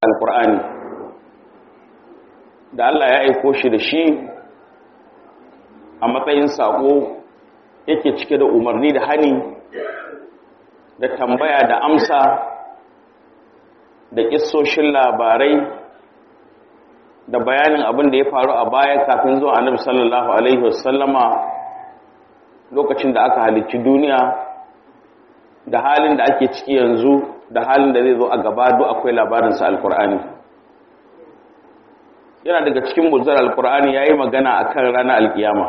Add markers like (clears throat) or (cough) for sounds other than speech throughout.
alkur'ani da Allah ya aiko shi da shi a matsayin saƙo yake cike da umarni da hani da tambaya da amsa da kissoshin labarai da bayanin abin da ya faru a baya kafin zuwa annabi sallallahu alaihi wasallama lokacin da aka halicci duniya da halin da ake ciki yanzu da halin da zai zo a gaba duk akwai labarinsa alkur'ani yana daga cikin muzar alkur'ani ya yi magana a kan ranar alkiyama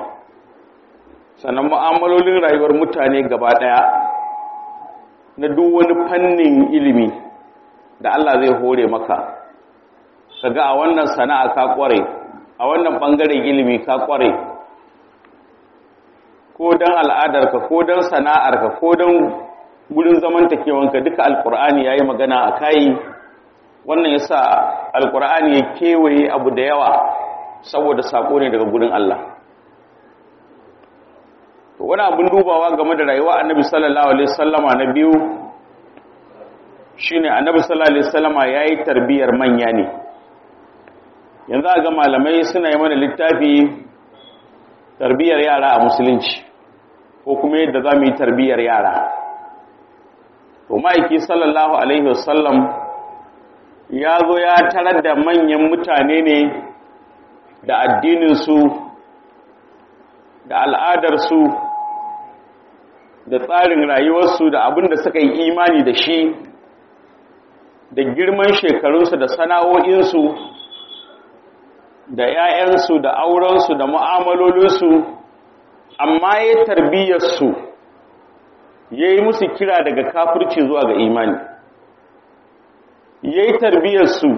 sannan mu'amalolin rayuwar mutane gaba ɗaya na duk wani fannin ilimi da Allah zai hore maka kaga a wannan sana'a ka kware a wannan bangaren ilimi ka kware ko don al'adarka ko don sana'arka ko don gurin zamantakewanka duka alkur'ani ya yi magana a kayi wannan ya sa alkur'ani ya kewaye abu da yawa saboda saƙo ne daga gudun Allah wani abin dubawa game da rayuwa annabi sallallahu alaihi sallama na biyu shine annabi sallallahu alaihi sallama ya yi tarbiyyar manya ne yanzu a ga malamai suna yi mana littafi tarbiyyar yara a musulunci ko kuma yadda za mu yi tarbiyyar yara to ma'aiki sallallahu alaihi wasallam ya zo ya tarar da manyan mutane ne da addininsu da al'adarsu da tsarin rayuwarsu da abin da suka yi imani da shi da girman shekarunsu da sana'o'insu da ‘ya'yansu da aurensu da mu'amalolinsu amma ya tarbiyyarsu ya yi musu kira daga kafirci zuwa ga imani ya yi tarbiyarsu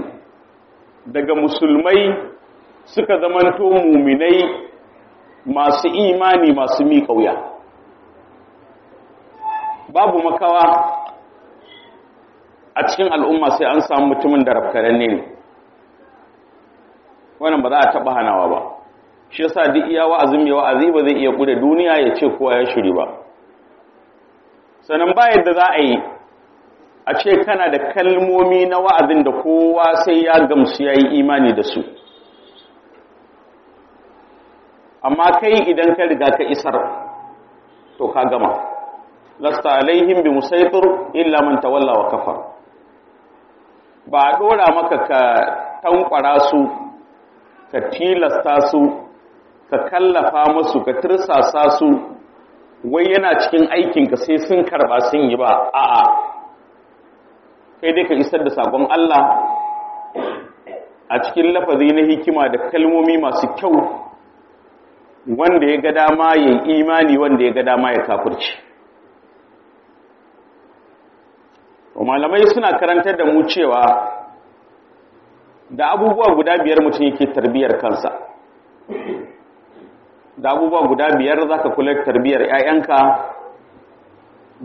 daga musulmai suka zama zamanto muminai masu imani masu miƙauya babu makawa a cikin al'umma sai an samu mutumin da rafkarar ne wannan ba za a taɓa hanawa ba shi yasa duk iya wa'azin mai wa'azi ba zai iya gudu duniya ya ce kowa ya shiri ba sannan ba yadda za a yi a ce kana da kalmomi na wa'azin da kowa sai ya gamsu ya yi imani da su amma kai idan ka riga ka isar to ka gama lasta alaihim bi musaitir illa man tawalla wa kafa ba a dora maka ka tankwara su ka tilasta su ka kallafa masu ka tirsasa su wai yana cikin aikinka sai sun karba sun yi ba a'a kai dai ka isar da sakon Allah a cikin lafazi na hikima da kalmomi masu kyau wanda ya ga dama ya imani wanda ya ga dama ya kafirci malamai suna karantar da mu cewa da abubuwa guda biyar mutum yake tarbiyar kansa da abubuwa guda biyar za ka kula tarbiyyar 'ya'yanka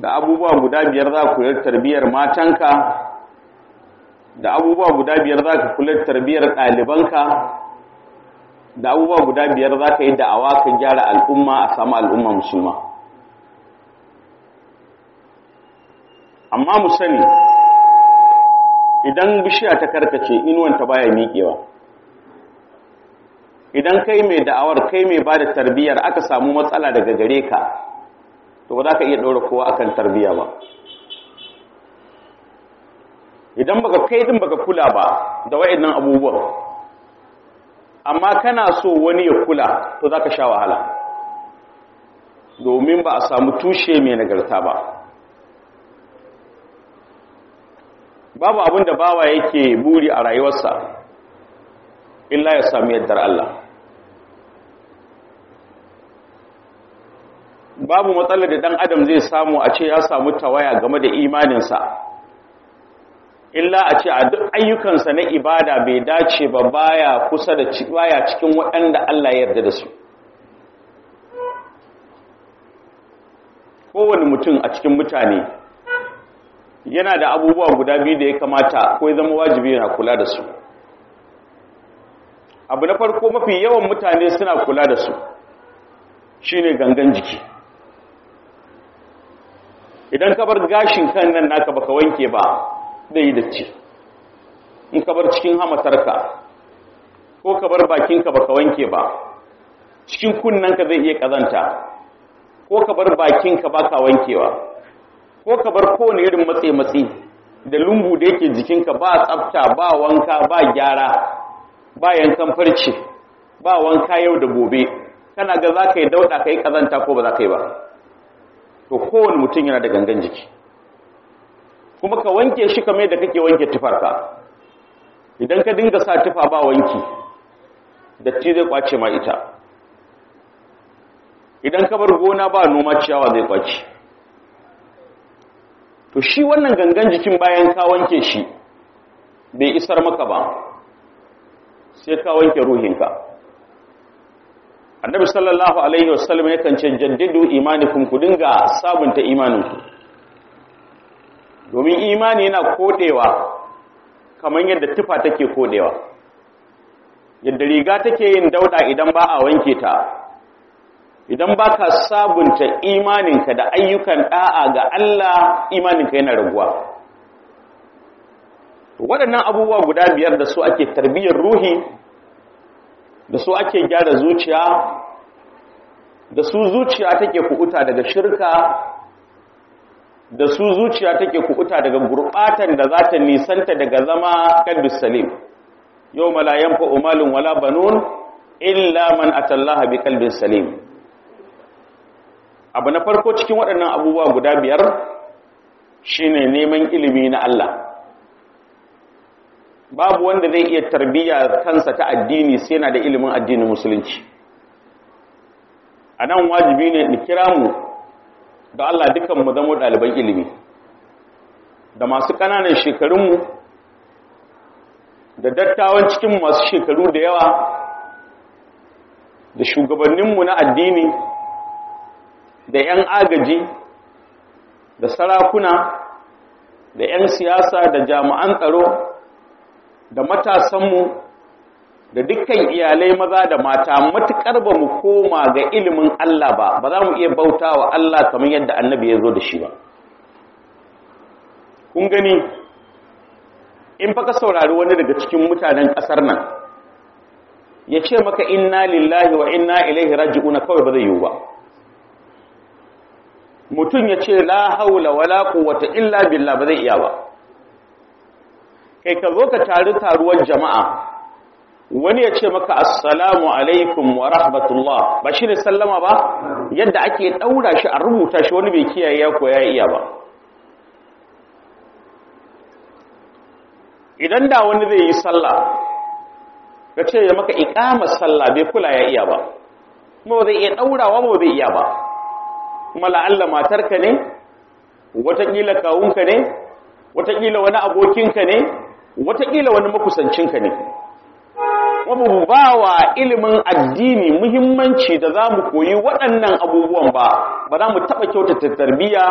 da abubuwa guda biyar za ka kula tarbiyyar matanka da abubuwa guda biyar za ka kula tarbiyyar ɗalibanka da abubuwa guda biyar za ka yi da'awa ka gyara al'umma a samu al'umma musulma amma mu sani idan bishiya ta karkace inuwanta baya miƙewa idan kai mai da'awar kai mai ba da tarbiyyar aka samu matsala daga gare ka to ba za ka iya ɗora kowa akan tarbiyya ba idan baka kai din baka kula ba da wa'annan abubuwa amma kana so wani ya kula to za ka sha wahala domin ba a samu tushe mai nagarta ba babu abin da bawa yake buri a rayuwarsa illa ya sami yardar Allah babu matsalar da dan adam zai samu a ce ya samu tawaya game da imaninsa illa a ce a duk ayyukansa na ibada bai dace ba baya kusa da baya cikin waɗanda Allah ya yarda da su kowane mutum a cikin mutane yana da abubuwa guda biyu da ya kamata ko zama wajibi yana kula da su abu na farko mafi yawan mutane suna kula da su shine gangan jiki idan ka bar gashin kan nan naka baka wanke ba dai yi ci. in ka bar cikin hamatarka ko ka bar bakinka baka wanke ba cikin ka zai iya kazanta ko ka bar bakinka baka wankewa ko ka bar kowane irin matse-matse da lungu da yake jikinka ba tsafta ba wanka ba gyara ba yankan farce ba wanka yau da gobe kana ga za ka yi dauɗa ka yi kazanta ko ba za ka yi ba to kowane mutum yana da gangan jiki kuma ka wanke shi kame da kake wanke tufarka idan ka dinga sa tufa ba wanki datti zai kwace ma ita idan ka bar gona ba noma ciyawa zai kwace to shi wannan gangan jikin bayan ka wanke shi bai isar maka ba sai ka wanke ruhinka annabi sallallahu alaihi wasallam ya ce jaddidu imanikum ku dinga sabunta imaninku domin imani yana kodewa kamar yadda tufa take kodewa yadda riga take yin dauda idan ba a wanke ta idan ba ka sabunta imaninka da ayyukan da'a ga Allah imaninka yana raguwa waɗannan abubuwa guda biyar da su ake tarbiyyar ruhi da su ake gyara zuciya da su zuciya take kubuta daga shirka da su zuciya take kubuta daga gurbatan da za ta nisanta daga zama kadus salim yau malayan fa'umalin wala banun illa man atallaha bi kalbin salim abu na farko cikin waɗannan abubuwa guda biyar shine neman ilimi na Allah babu wanda zai iya tarbiyya kansa ta addini sai yana da ilimin addinin musulunci a nan wajibi ne da kira mu da Allah dukan mu zama ɗaliban ilimi da masu ƙananan shekarunmu da dattawan cikin masu shekaru da yawa da shugabanninmu na addini da 'yan agaji da sarakuna da 'yan siyasa da jami'an tsaro da matasanmu da dukkan iyalai maza da mata matuƙar ba mu koma ga ilimin Allah ba ba za mu iya bauta wa Allah kamar yadda annabi ya zo da shi ba kun gani in baka saurari wani daga cikin mutanen ƙasar nan ya ce maka inna lillahi wa inna ilaihi raji'una kawai ba zai yiwu ba mutum ya ce la haula wala quwwata illa billah ba zai iya ba kai ka zo ka tari taruwar jama'a wani ya ce maka assalamu alaikum wa rahmatullah ba shi ne sallama ba yadda ake ɗaura shi a rubuta shi wani bai kiyaye ya koya iya ba idan da wani zai yi sallah ka ce ya maka ikama sallah bai kula ya iya ba kuma zai iya ɗaurawa ba zai iya ba kuma la'alla matarka ne watakila kawunka ne watakila wani abokinka ne watakila wani makusancinka ne mu ba wa ilimin addini muhimmanci da za mu koyi waɗannan abubuwan ba ba za mu taɓa kyautata tarbiyya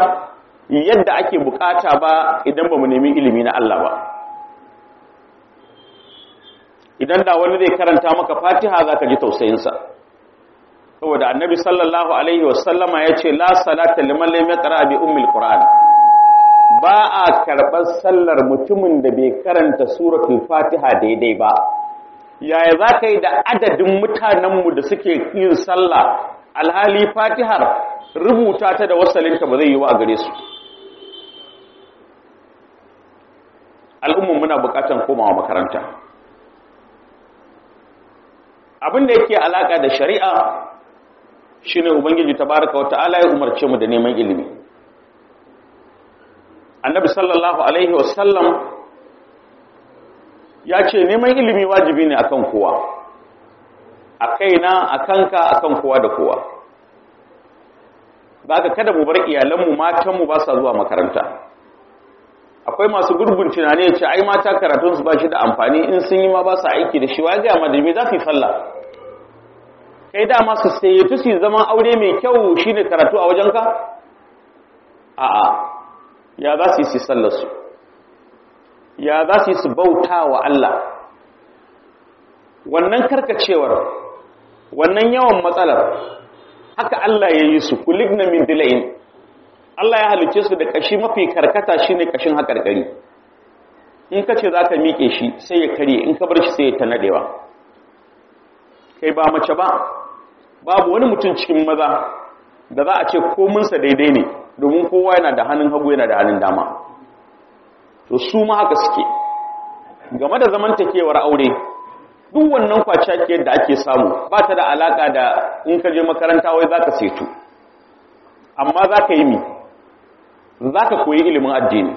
yadda ake bukata ba idan ba mu nemi ilimi na Allah ba idan da wani zai karanta maka fatiha za ka ji tausayinsa saboda annabi sallallahu alaihi wasallama ya ce la salata liman lam yaqra bi ummil qur'an ba a karɓar sallar mutumin da bai karanta suratul fatiha daidai ba yaya za ka yi da adadin mutanenmu da suke yin sallah alhali fatihar rubuta ta da wasalinta ba zai yi wa gare su al'ummun muna bukatan komawa makaranta abin da yake alaƙa da shari'a shine ubangiji ta tabaraka Ala ya umarce mu da neman ilimi annabi sallallahu alaihi wasallam ya ce neman ilimi wajibi ne akan kowa a kaina a kanka akan kowa da kowa ba ka kada mu bar iyalanmu matanmu ba sa zuwa makaranta akwai masu gurgun tunani ya ce ai mata karatunsu ba shi da amfani in sun yi ma ba su aiki da shi wa ga madalmi za su yi sallah kai da masu sayyitu tusi zaman aure mai kyau shine karatu a wajenka a'a ya za su yi su ya za su yi su bauta wa Allah wannan karkacewar wannan yawan matsalar haka Allah ya yi su kuligna min dila'in Allah ya halice su da kashi mafi karkata shine ƙashin hakarkari in ka ce za ka miƙe shi sai ya karye in ka bar shi sai ya tanadewa kai ba mace ba babu wani mutum cikin maza da za a ce kominsa daidai ne domin kowa yana da hannun hagu yana da hannun dama to su ma haka suke game da zamantakewar aure duk wannan ki yadda ake samu ba ta da alaka da in ka je makaranta wai za ka setu amma za ka yi mi za ka koyi ilimin addini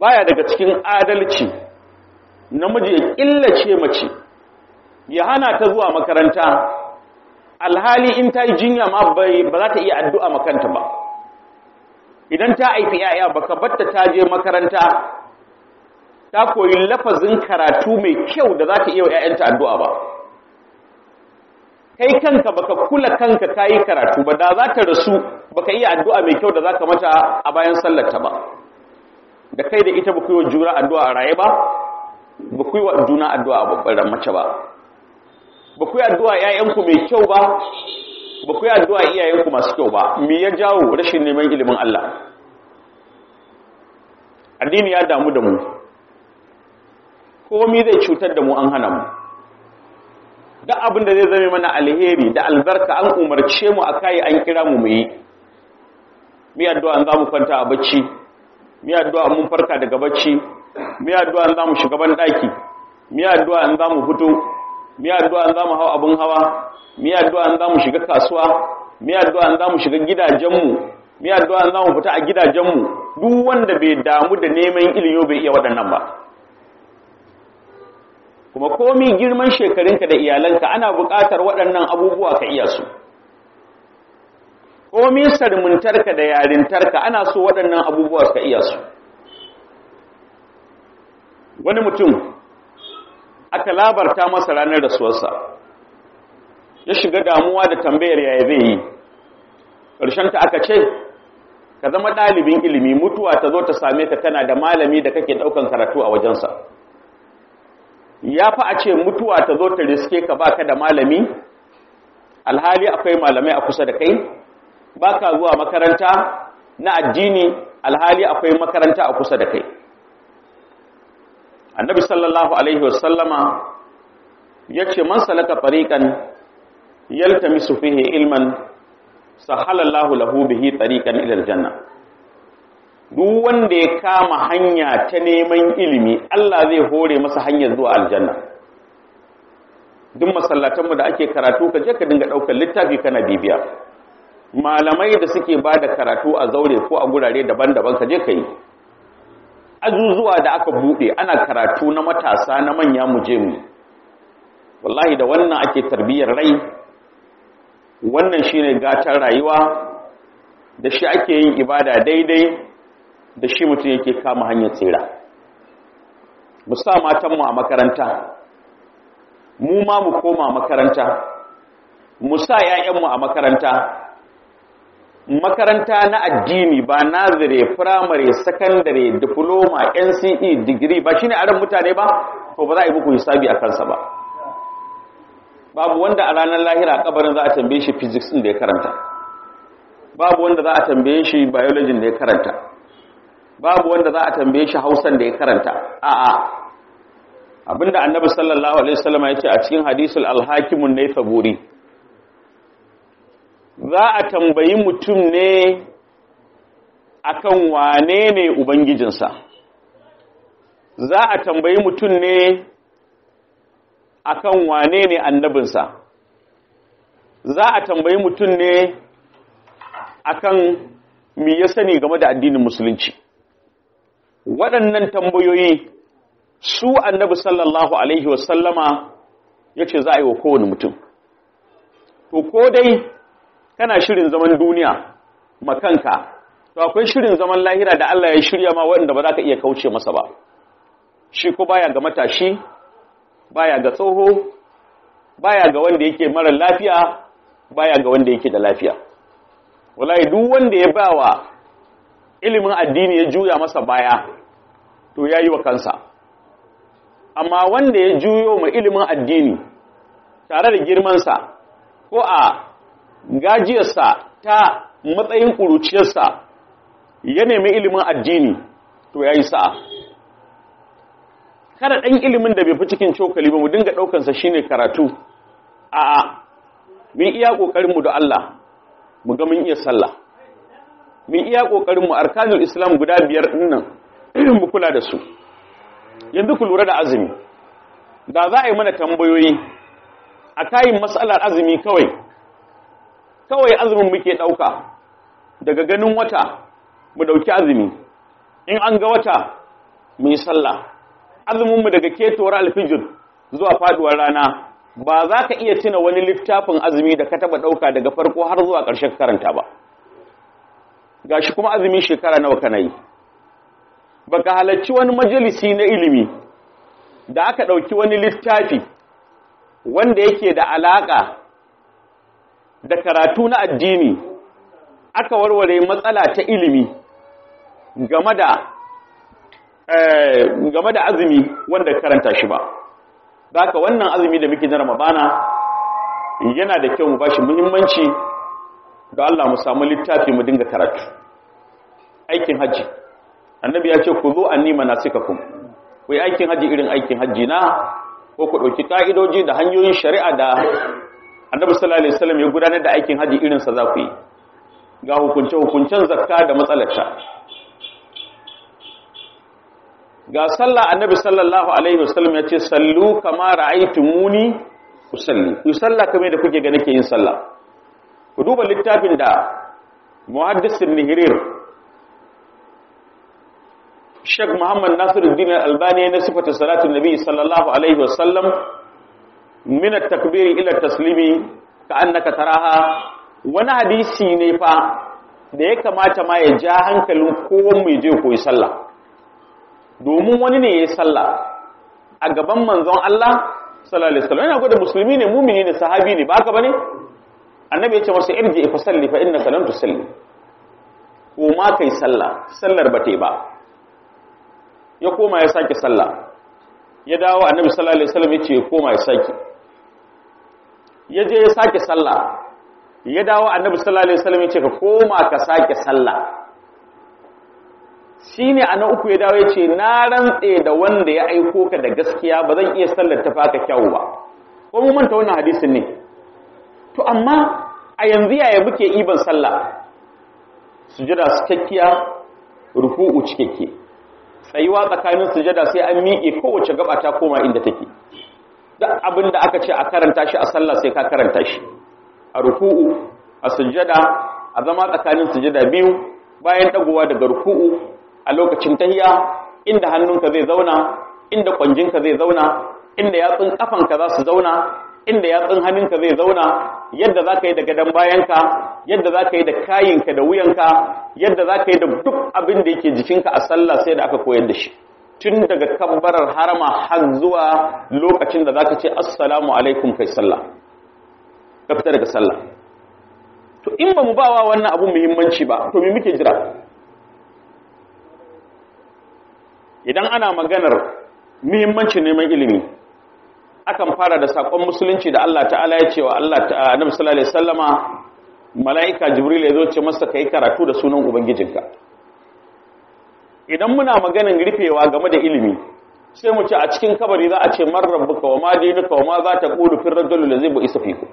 baya daga cikin adalci namiji ya killace mace ya hana ta zuwa makaranta alhali in ta yi jinya ma ba za ta iya addu'a makanta ba idan ta haifi ‘ya'ya baka batta ta je makaranta ta koyi lafazin karatu mai kyau da za ta iya ‘ya'yanta addu'a ba kai kanka baka kula kanka ka yi karatu ba da za ta rasu baka iya addu'a mai kyau da za ka mata a bayan sallarta ba da kai da ita ba ku yi wa juna addu'a a raye ba ba ku yi wa juna addu'a a babbar mace ba ba ku yi addu'a ‘ya'yanku mai kyau ba ba ku yi addu'a iyayenku masu kyau ba me ya jawo rashin neman ilimin Allah addini ya damu da mu komi zai cutar da mu an hana mu Da abin da zai zame mana alheri da albarka an umarce mu a kayi an kira mu muyi mi addu'a za mu kwanta a bacci mi addu'a mun farka daga bacci mi addu'a za mu shiga ban daki mi addu'a za mu fito miya addu'a za mu hawa abin hawa miya addu'a za mu shiga kasuwa miya addu'a za mu shiga gidajenmu miya addu'a za mu fita a gidajenmu duk wanda bai damu da neman ilimi bai iya waɗannan ba kuma komi girman shekarunka da iyalanka ana buƙatar waɗannan abubuwa ka iya su komi sarmuntarka da yarintarka ana so waɗannan abubuwa ka iya su wani mutum aka labarta masa ranar rasuwarsa ya shiga damuwa da tambayar yaya zai yi ƙarshen ta aka ce ka zama ɗalibin ilimi mutuwa ta zo ta same ka tana da malami da kake ɗaukan karatu a wajensa ya fi a ce mutuwa ta zo ta riske ka ba ka da malami alhali akwai malamai a kusa da kai baka zuwa makaranta na addini alhali akwai makaranta a kusa da kai annabi sallallahu alaihi wasallama ya ce man salaka tariqan yaltamisu fihi ilman sahalallahu lahu bihi tariqan ila aljanna duk wanda ya kama hanya ta neman ilimi Allah zai hore masa hanyar zuwa aljanna duk masallatanmu da ake karatu ka je ka dinga ɗaukar littafi kana bibiya malamai da suke bada karatu a zaure ko a gurare daban-daban ka je ka yi azuzuwa da aka bude ana karatu na matasa na manya mu je mu wallahi da wannan ake tarbiyyar rai wannan shine gatar rayuwa da shi ake yin ibada daidai da shi mutum yake kama hanyar tsira mu sa matanmu a makaranta mu ma mu koma makaranta mu sa mu a makaranta makaranta na addini ba nazire firamare sakandare diploma nce digiri ba shine aran mutane ba to ba za a yi muku hisabi a kansa ba babu wanda a ranar lahira kabarin za a tambaye shi physics din da ya karanta babu wanda za a tambaye shi biology da ya karanta babu wanda za a tambaye shi hausan da ya karanta a'a abinda annabi sallallahu alaihi wasallam ya ce a cikin hadisul alhakimun ne za a tambayi mutum ne akan wane ne ubangijinsa za a tambayi mutum ne akan wane ne annabinsa za a tambayi mutum ne akan me ya sani game da addinin musulunci waɗannan tambayoyi su annabi sallallahu alaihi wasallama ya ce za a yi wa kowane mutum to ko dai kana shirin zaman duniya makanka to akwai shirin zaman lahira da Allah ya shirya ma wanda ba za ka iya kauce masa ba shi ko baya ga matashi baya ga tsoho baya ga wanda yake mara lafiya baya ga wanda yake da lafiya wallahi duk wanda ya bawa ilimin addini ya juya masa baya to yayi wa kansa amma wanda ya juyo ma ilimin addini tare da girman sa ko a gajiyarsa ta matsayin ƙuruciyarsa ya nemi ilimin addini to ya yi sa'a kada ɗan ilimin da bai fi cikin cokali ba mu dinga ɗaukansa shi ne karatu a'a mun iya ƙoƙarinmu da Allah mu ga mun iya sallah mun iya ƙoƙarinmu arkanul islam guda biyar ɗinnan (clears throat) mu kula da su yanzu ku lura da azumi da za a yi mana tambayoyi a kayin matsalar azumi kawai kawai azumin muke ɗauka daga ganin wata mu ɗauki azumi in an ga wata mu yi sallah azuminmu daga ketowar alfijir zuwa faduwar rana ba za ka iya tuna wani littafin azumi da ka taɓa ɗauka daga farko har zuwa ƙarshen karanta ba ga shi kuma azumi shekara nawa kana yi ba ka halarci wani majalisi na ilimi da aka ɗauki wani littafi wanda yake da alaƙa da karatu na addini aka warware matsala ta ilimi game da eh, game da azumi wanda karanta shi ba da wannan azumi da muke na bana, yana da kyau mu ba shi muhimmanci Da Allah mu samu littafi mu dinga karatu aikin haji annabi ya ce ku zo na na ku yi aikin haji irin aikin haji na ko ku ɗauki ƙa'idoji da hanyoyin shari'a da annabi sallallahu alaihi wasallam ya gudanar da aikin haji irin sa za ku yi ga hukunce hukuncen zakka da matsalarta ga sallah annabi sallallahu alaihi wasallam ya ce sallu kama ra'aytumuni usalli ku salla kamar da kuke ga nake yin sallah ku duba littafin da muhaddisin ibn Sheikh Muhammad Nasiruddin Al-Albani ne sifata salatu Nabi sallallahu alaihi wasallam min at-takbiri ila at-taslimi ka annaka taraha wani hadisi ne fa da ya kamata ma ya ja hankalin kowan mai je koyi sallah domin wani ne ya yi sallah a gaban manzon Allah sallallahu alaihi wasallam yana gwada musulmi ne mumini ne sahabi ne ba haka bane annabi ya ce masa irji fa salli fa innaka lam tusalli ko ma kai sallah sallar ba ta yi ba ya koma ya sake sallah ya dawo annabi sallallahu alaihi wasallam ya ce koma ya sake ya je ya sake sallah ya dawo annabi sallallahu alaihi wasallam ya ce ka koma ka sake sallah shine ana uku ya dawo ya ce na rantse da wanda ya aiko ka da gaskiya ba zan iya sallar ta faka kyau ba ko mun manta wannan hadisin ne to amma a yanzu yaya muke iban sallah sujada cikakkiya ruku'u cikakke tsayuwa tsakanin sujada sai an miƙe kowace gaba ta koma inda take duk abin da aka ce a karanta shi a sallah sai ka karanta shi a ruku'u a sujjada a zama tsakanin sujjada biyu bayan dagowa daga ruku'u a lokacin tahiya inda hannunka zai zauna inda kwanjinka zai zauna inda yatsun kafanka za su zauna inda yatsun hannunka zai zauna yadda za ka yi da gadon bayanka yadda za ka yi da kayinka da wuyanka yadda za ka yi da duk abin da yake jikinka a sallah sai da aka koyar da shi tun daga kabbarar harama har zuwa lokacin da zaka ce assalamu alaikum kai sallah ka fita daga sallah to in ba mu bawa wannan abun muhimmanci ba to me muke jira idan ana maganar muhimmancin neman ilimi akan fara da sakon musulunci da Allah ta'ala ya ce wa Allah ta Annabi sallallahu alaihi wasallama mala'ika jibril ya zo ce masa kai karatu da sunan ubangijinka idan muna maganin rufewa game da ilimi sai mu ce a cikin kabari za a ce man rabbuka wa ma dinuka wa ma za ta fi fil da zai bu isafiku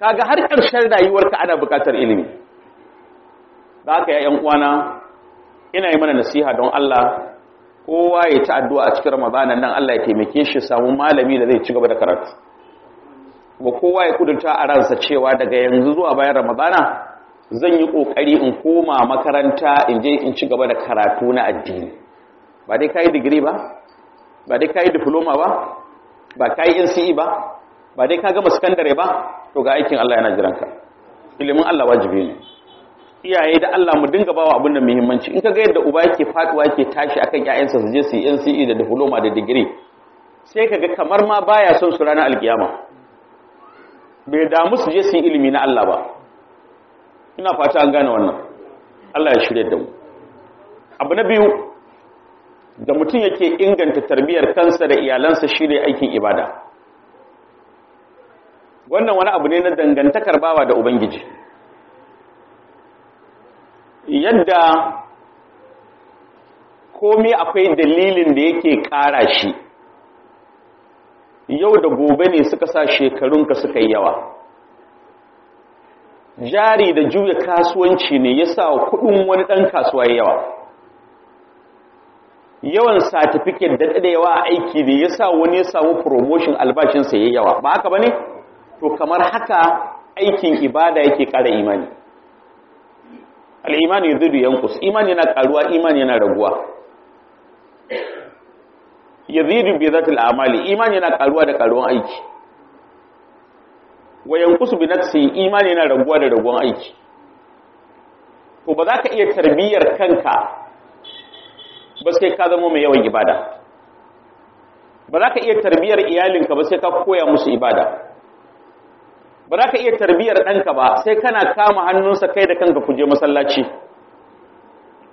kaga har ƙarshen rayuwarka ana buƙatar ilimi Za ka yi ƴan uwana ina yi mana nasiha don Allah kowa ya ta addu'a a cikin Ramadanan nan Allah ya taimake shi samu malami da zai ci gaba da karatu ba kowa ya kudurta a ransa cewa daga yanzu zuwa bayan Ramadana zan yi ƙoƙari in koma makaranta in je in ci gaba da karatu na addini ba dai yi digiri ba ba dai yi diploma ba ba yi NCE ba ba dai ka gama sakandare ba to ga aikin Allah yana jiran ka ilimin Allah wajibi ne iyaye da Allah mu dinga bawa abin da muhimmanci in ka ga yadda uba yake faduwa yake tashi akan ƴaƴansa su je su yi NCE da diploma da digiri sai kaga kamar ma baya son su ranar alkiyama bai damu su je su yi ilimi na Allah ba ina fata an gane wannan Allah ya shirya da mu abu na biyu da mutum yake inganta tarbiyyar kansa da iyalansa shirye aikin ibada wannan wani abu ne na dangantakar bawa da ubangiji yadda komai akwai dalilin da yake ƙara shi yau da gobe ne suka sa shekarunka suka yi yawa jari da juya kasuwanci ne ya sa kudin wani ɗan kasuwa yawa yawan satifiket da ɗaya a aiki ne ya sa wani ya samu promotion albashinsa ya yawa ba haka ba ne to kamar haka aikin ibada yake ƙara imani al'imani ya zudu yankus imani yana ƙaruwa imani yana raguwa ya zuru bai zata al'amali imani yana ƙaruwa da karuwan aiki wa yanqusu bi nafsi imani yana raguwa da raguwan aiki to ba za ka iya tarbiyyar kanka ba sai ka zama mai yawan ibada ba za ka iya tarbiyyar iyalinka ba sai ka koya musu ibada ba za ka iya tarbiyyar ɗanka ba sai kana kama hannunsa kai da kanka kuje masallaci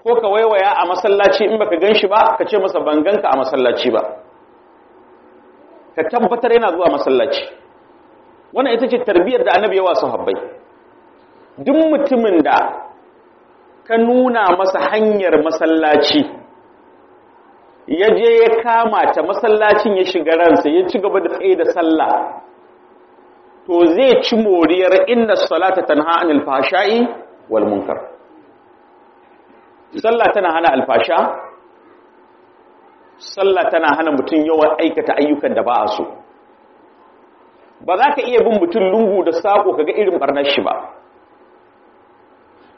ko ka waiwaya a masallaci in baka gan shi ba ka ce masa ban banganka a masallaci ba ka tabbatar yana zuwa masallaci wannan ita ce tarbiyyar da annabi yawa sahabbai duk mutumin da ka nuna masa hanyar masallaci ya je ya kama ta masallacin ya shiga ransa ya ci gaba da tsaye da sallah to zai ci moriyar inna salata tanha anil fahsha'i wal munkar sallah tana hana alfasha sallah tana hana mutum yawan aikata ayyukan da ba a so ba za ka iya bin mutum lungu da sako ga irin barnar shi ba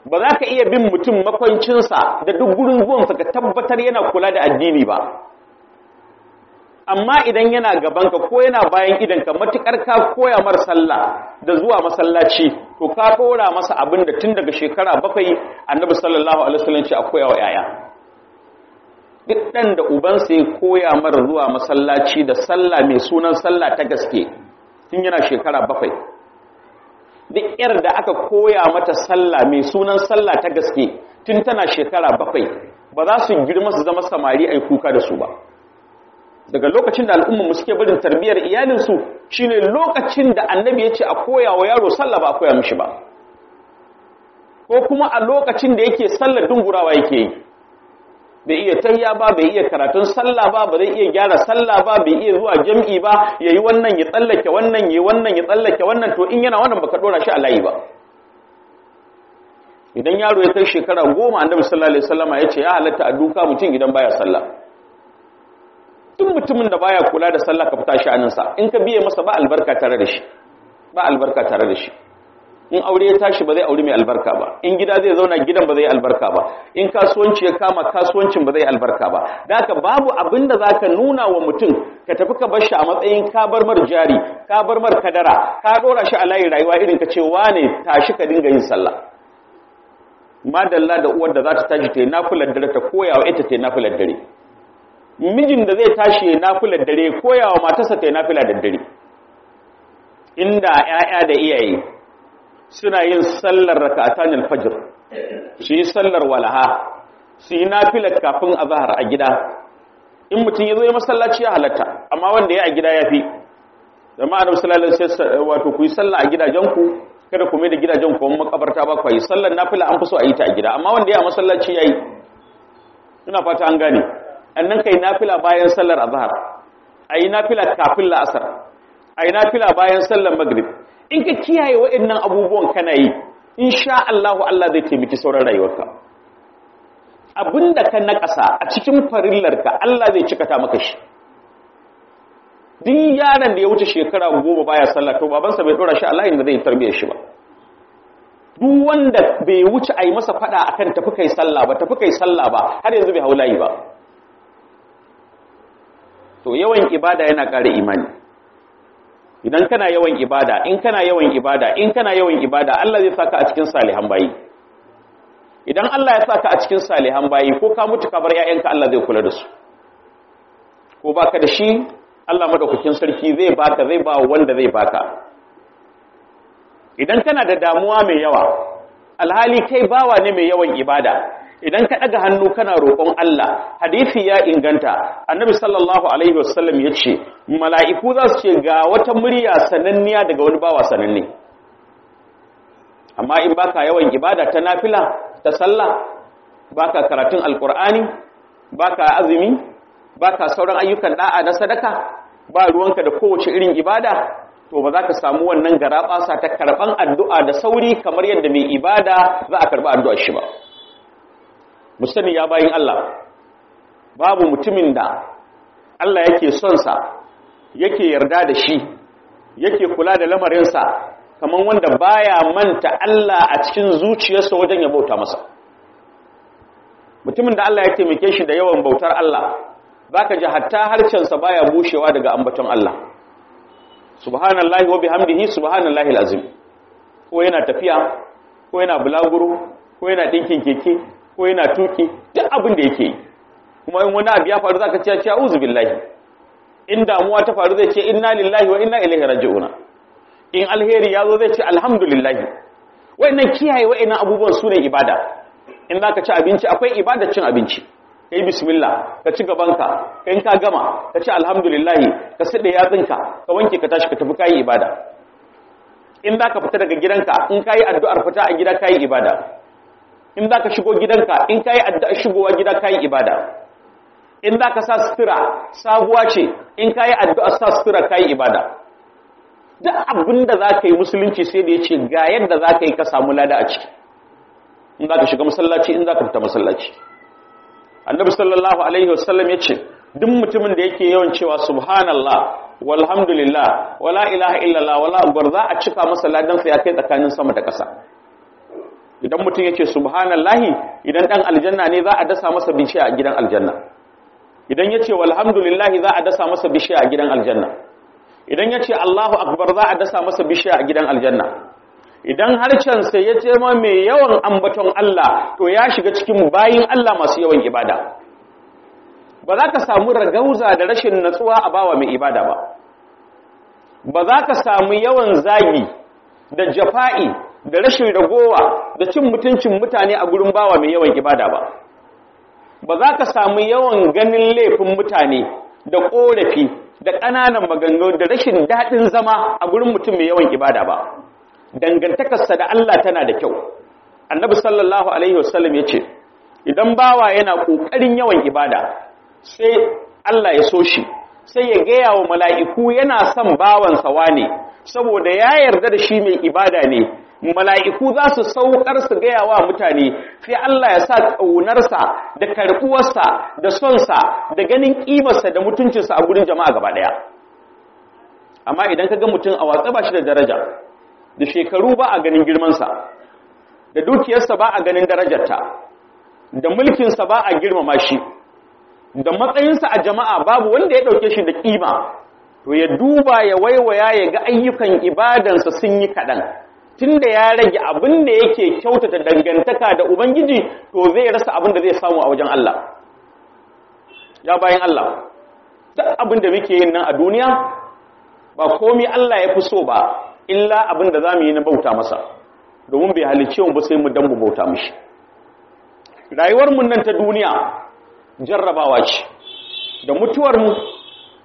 ba za ka iya bin mutum makwancinsa da duk gurin zuwansa ka tabbatar yana kula da addini ba amma idan yana gabanka ko yana bayan idanka matukar ka koya mar sallah da zuwa masallaci to ka kora masa abin da tun daga shekara bakwai annabi sallallahu alaihi wasallam a koya wa yaya duk ɗan da ubansa ya koya mara zuwa masallaci da sallah mai sunan sallah ta gaske tun yana shekara bakwai duk yar da aka koya mata sallah mai sunan sallah ta gaske tun tana shekara bakwai ba za su girma su zama samari a kuka da su ba daga lokacin da al'umma mu suke barin tarbiyyar iyalinsu shine lokacin da annabi ya ce a koya wa yaro sallah ba a koya mishi ba ko kuma a lokacin da yake sallar dungurawa yake yi bai iya tayya ba bai iya karatun sallah ba ba zai iya gyara sallah ba bai iya zuwa jam'i ba yayi wannan ya tsallake wannan yayi wannan ya tsallake wannan to in yana wannan baka dora shi a layi ba idan yaro ya kai shekara goma annabi sallallahu alaihi wasallama ya ce ya halatta a duka mutum idan baya sallah Tun mutumin da baya kula da sallah ka fita anansa in ka biye masa ba albarka tare da shi ba albarka tare da shi in aure ya tashi ba zai aure mai albarka ba in gida zai zauna gidan ba zai albarka ba in kasuwanci ya kama kasuwancin ba zai albarka ba da ka babu abin da zaka nuna wa mutum ka tafi ka bar shi a matsayin ka bar mar jari ka bar mar kadara ka dora shi a layin rayuwa irin ka cewa ne tashi ka dinga yin sallah madalla da uwar da za ta tashi ta yi nafilar dare ta koya wa ita ta yi nafilar dare mijin da zai tashi ya nafilar dare koya wa matarsa ta yi nafilar dare inda 'ya'ya da iyaye suna yin sallar rakatan alfajr shi yi sallar walaha su yi nafila kafin azhar a gida in mutum ya zo masallaci ya halatta amma wanda ya a gida ya fi zama annabi sallallahu alaihi wasallam wato ku yi sallah a gidajenku kada ku mai da gidajen ku makabarta ba ku yi sallar nafila an fi so a yi ta a gida amma wanda ya a masallaci ya yi ina fata an gane annan kai nafila bayan sallar azhar a yi nafila kafin la'asar a yi nafila bayan sallar magrib in ka kiyaye waɗannan abubuwan kana yi insha allahu Allah zai taimaki sauran rayuwarka abinda ka nakasa a cikin farillarka Allah zai cika ta maka shi duk yaron da ya wuce shekara goma baya sallah to babansa bai dora shi a layin zai tarbiya shi ba duk wanda bai wuce a yi masa fada akan tafi kai sallah ba tafi kai sallah ba har yanzu bai hau layi ba to yawan ibada yana ƙara imani idan kana yawan ibada in kana yawan ibada in kana yawan ibada Allah zai saka a cikin salihan bayi idan Allah ya saka a cikin salihan bayi ko ka mutu ka bar ƴaƴanka Allah zai kula da su ko baka da shi Allah madaukakin sarki zai baka zai ba wanda zai baka idan kana da damuwa mai yawa alhali kai bawa ne mai yawan ibada idan ka ɗaga hannu kana roƙon Allah hadisi ya inganta annabi sallallahu alaihi wasallam ya ce mala'iku za su ce ga wata murya sananniya daga wani bawa sananne amma in baka yawan ibada ta nafila ta sallah baka karatun alkur'ani baka azumi baka sauran ayyukan da'a na sadaka ba ruwanka da kowace irin ibada to ba za ka samu wannan garaɓasa ta karɓan addu'a da sauri kamar yadda mai ibada za a karɓi addu'a shi ba musani ya bayin Allah babu mutumin da Allah yake son sa yake yarda da shi yake kula da lamarinsa kamar wanda baya manta Allah a cikin zuciyarsa wajen ya bauta masa mutumin da Allah ya taimake shi da yawan bautar Allah zaka ji hatta sa baya bushewa daga ambaton Allah subhanallahi wa bihamdihi subhanallahi alazim ko yana tafiya ko yana bulaguro ko yana dinkin keke ko yana tuki duk abin da yake yi kuma in wani abu ya faru zaka ce ya uzu billahi in damuwa ta faru zai ce inna lillahi wa inna ilaihi raji'una in alheri ya zo zai ce alhamdulillah wayannan kiyaye wayannan abubuwan sunan ibada in zaka ci abinci akwai ibada cin abinci kai bismillah ka ci gaban ka, in ka gama ka ci alhamdulillah ka ya yatsinka ka wanke ka tashi ka tafi kai ibada in zaka fita daga gidanka in kai addu'ar fita a gida kai ibada in za ka shigo gidanka in ka yi addu'a shigowa gida ka yi ibada in za ka sa sutura sabuwa ce in ka yi addu'a sa sutura ka yi ibada duk abin da za ka yi musulunci sai da ya ce ga yadda za ka yi ka samu lada a ciki in za ka shiga masallaci in za ka fita masallaci annabi sallallahu alaihi wasallam ya ce duk mutumin da yake yawan cewa subhanallah walhamdulillah wala ilaha illallah wala akbar za a cika masa ladansa ya kai tsakanin sama da ƙasa idan mutum yake subhanallahi idan ɗan aljanna ne za a dasa masa bishiya a gidan aljanna idan yace walhamdulillah walhamdulillahi za a dasa masa bishiya a gidan aljanna idan yace allahu akbar za a dasa masa bishiya a gidan aljanna idan har can ya ce ma mai yawan ambaton Allah to ya shiga cikin bayin Allah masu yawan ibada ba za ka samu ragauza da rashin natsuwa a bawa mai ibada ba ba za ka samu yawan zagi da jafa'i da rashin ragowa da cin mutuncin mutane a gurin bawa mai yawan ibada ba ba za ka samu yawan ganin laifin mutane da ƙorafi da ƙananan maganganu da rashin daɗin zama a gurin mutum mai yawan ibada ba dangantakarsa da Allah tana da kyau annabi sallallahu alaihi wasallam ya ce idan bawa yana ƙoƙarin yawan ibada sai Allah ya so shi sai ya gaya wa mala'iku yana son bawan bawansa wane saboda ya yarda da shi mai ibada ne mala'iku za su saukar su gaya wa mutane fi Allah ya sa ƙaunarsa da karɓuwarsa da sonsa da ganin ƙimarsa da mutuncinsa a gurin jama'a gaba ɗaya amma idan ka ga mutum a watsa ba shi da daraja da shekaru ba a ganin girmansa da dukiyarsa ba a ganin darajarta da mulkinsa ba a girmama shi da matsayinsa a jama'a babu wanda ya ɗauke shi da ƙima to ya duba ya waiwaya ya ga ayyukan ibadansa sun yi kaɗan tunda ya rage abin da yake kyautata dangantaka da ubangiji to zai rasa abin da zai samu a wajen Allah ya bayan Allah duk abin da muke yin nan a duniya ba komai Allah ya fi so ba illa abin da za yi na bauta masa domin bai halicce mu ba sai mu dan mu bauta mishi rayuwar mun nan ta duniya jarrabawa ce da mutuwar mu,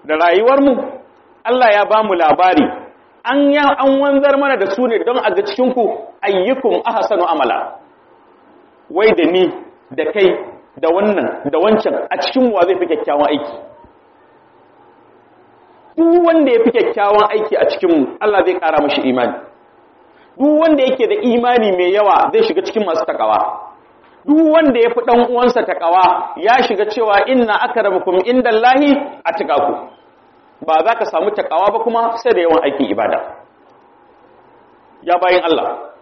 da rayuwarmu Allah ya ba mu labari an ya an wanzar mana da su ne don a ga cikinku ayyukum ahsanu amala wai da ni da kai da wannan da wancan a cikin wa zai fi kyakkyawan aiki duk wanda ya fi kyakkyawan aiki a cikin mu, Allah zai kara mashi imani duk wanda yake da imani mai yawa zai shiga cikin masu takawa duk wanda ya fi ɗan uwansa ƙawa ya shiga cewa inna a indallahi atqaku ba za ka samu ta ƙawa ba kuma sai da yawan aiki ibada ya bayin Allah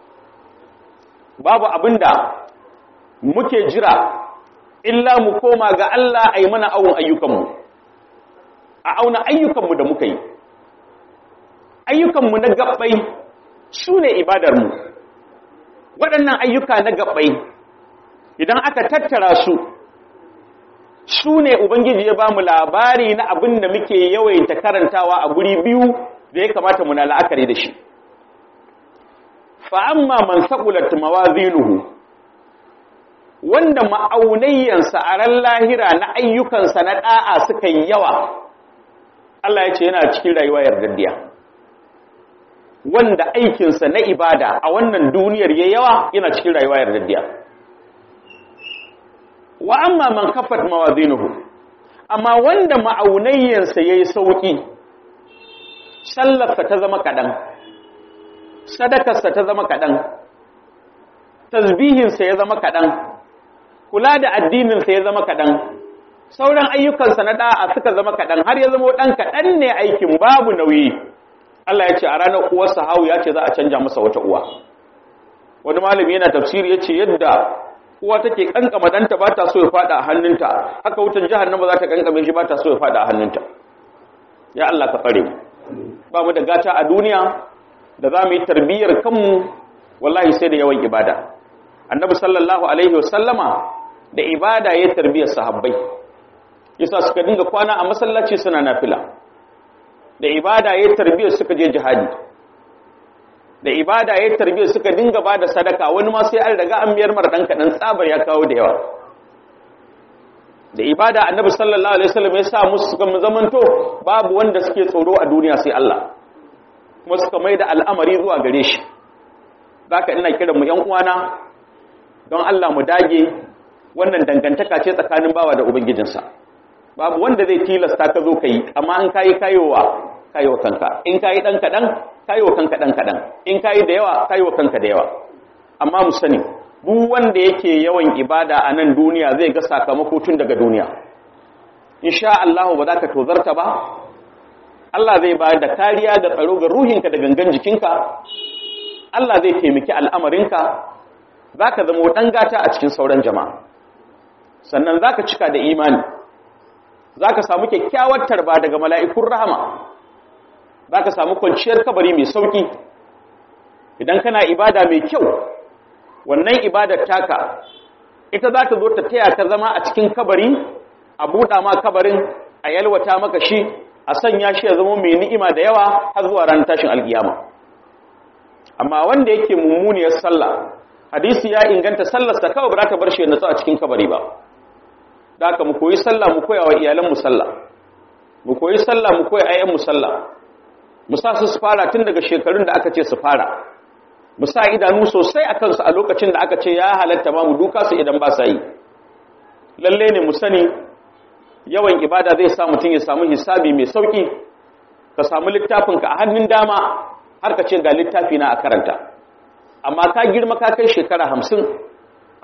babu abinda muke jira illa mu koma ga Allah a yi mana awon ayyukanmu a auna ayyukanmu da muka yi ayyukanmu na gabbai su ne ibadarmu waɗannan ayyuka na gabbai idan aka tattara su su ne ubangiji ya ba mu labari na abin da muke yawaita karantawa a guri biyu da ya kamata muna la'akari da shi fa amma man saqulat mawazinuhu wanda ma'aunayyansa a ran lahira na ayyukansa na ɗa'a suka yi yawa Allah ya ce yana cikin rayuwa yardaddiya wanda aikinsa na ibada a wannan duniyar yayi yawa yana cikin rayuwa yardaddiya wa amma man kafat mawazinuhu amma wanda ma'aunayyansa yayi sauki sallarsa ta zama kadan sadakarsa ta zama kadan tasbihinsa ya zama kadan kula da addininsa ya zama kadan sauran ayyukansa na da'a suka zama kadan har ya zama dan kadan ne aikin babu nauyi Allah ya ce a ranar uwarsa hau ya ce za a canja masa wata uwa wani malami yana tafsiri ya yadda uwa take kankama danta ba ta so ya fada a hannunta haka wutan jahannama za ta kankame shi ba ta so ya fada a hannunta ya Allah ka tsare ba mu da gata a duniya da za mu yi tarbiyyar kanmu wallahi sai da yawan ibada annabi sallallahu alaihi wasallama da ibada ya tarbiyyar sahabbai yasa suka dinga kwana a masallaci suna nafila da ibada ya tarbiyyar suka je jihadi da ibada ya tarbiya suka dinga ba da sadaka wani ma sai an daga an biyar mara dan kaɗan tsabar ya kawo da yawa da ibada annabi sallallahu alaihi wasallam ya sa musu suka zamanto babu wanda suke tsoro a duniya sai Allah kuma suka mai da al'amari zuwa gare shi zaka ina kiran mu yan uwana don Allah mu dage wannan dangantaka ce tsakanin bawa da ubangijinsa babu wanda zai tilasta ka zo ka yi amma in ka yi kayowa kayo kanka in ka yi ɗan kaɗan kayo kanka ɗan kaɗan in ka yi da yawa kayo kanka da yawa amma mu sani duk wanda yake yawan ibada a nan duniya zai ga sakamako tun daga duniya insha Allah ba za ka tozarta ba Allah zai bayar da kariya da tsaro ga ruhinka da gangan jikinka Allah zai taimaki al'amarinka za ka zama ɗan gata a cikin sauran jama'a sannan za ka cika da imani za ka samu kyakkyawar tarba daga mala'ikun rahama za ka samu kwanciyar kabari mai sauƙi idan kana ibada mai kyau wannan ibadar taka ita za ta zo ta taya ta zama a cikin kabari a buɗa ma kabarin a yalwata maka shi a sanya shi ya zama mai ni'ima da yawa har zuwa ranar tashin alkiyama amma wanda yake mummuniyar sallah hadisi ya inganta sallarsa kawai ba za ta bar shi ya natsu a cikin kabari ba da aka mu koyi sallah mu koya wa iyalan mu sallah mu koyi sallah mu koya ayyan mu sallah mu sa su fara tun daga shekarun da aka ce su fara mu sa idanu sosai a kansu a lokacin da aka ce ya halatta ma mu duka su idan ba sa yi lalle ne mu sani yawan ibada zai sa mutum ya samu hisabi mai sauki ka samu littafinka a hannun dama har ka ce ga littafi na a karanta amma ka girma ka kai shekara hamsin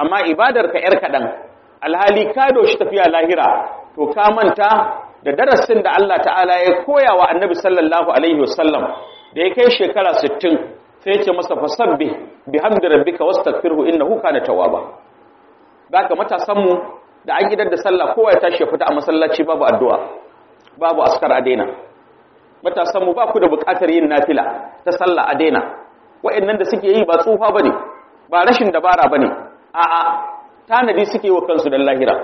amma ibadar ka 'yar kaɗan alhali ka doshi tafiya lahira to ka manta da darasin da Allah ta'ala ya koya wa annabi sallallahu alaihi wasallam da ya kai shekara 60 sai ya ce masa fasabbi bihamdi rabbika wastaghfirhu innahu kana tawwaba zaka matasan mu da an gidan da sallah kowa ya tashi ya fita a masallaci babu addu'a babu askar a daina matasan mu ba ku da bukatar yin nafila ta sallah a daina wa'annan da suke yi ba tsufa bane ba rashin dabara bane a'a tanadi suke wa kansu dan lahira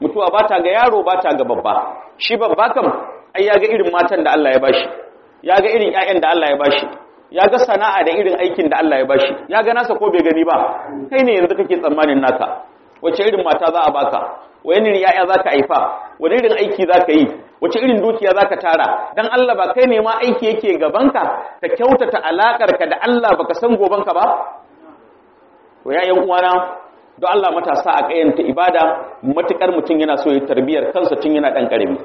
mutuwa ba ta ga yaro ba ta ga babba shi babba kam ai ya ga irin matan da Allah ya bashi ya ga irin ƴaƴan da Allah ya bashi ya ga sana'a da irin aikin da Allah ya bashi ya ga nasa ko bai gani ba kai ne yanzu kake tsammanin naka wace irin mata za a baka wani irin ya'ya za ka haifa wani irin aiki za ka yi wace irin dukiya za ka tara don Allah ba kai ne ma aiki yake gabanka ka kyautata ka da Allah baka san gobanka ba to ya'yan uwana don Allah matasa a ta ibada matuƙar mutum yana so ya tarbiyyar kansa tun yana ɗan ƙarami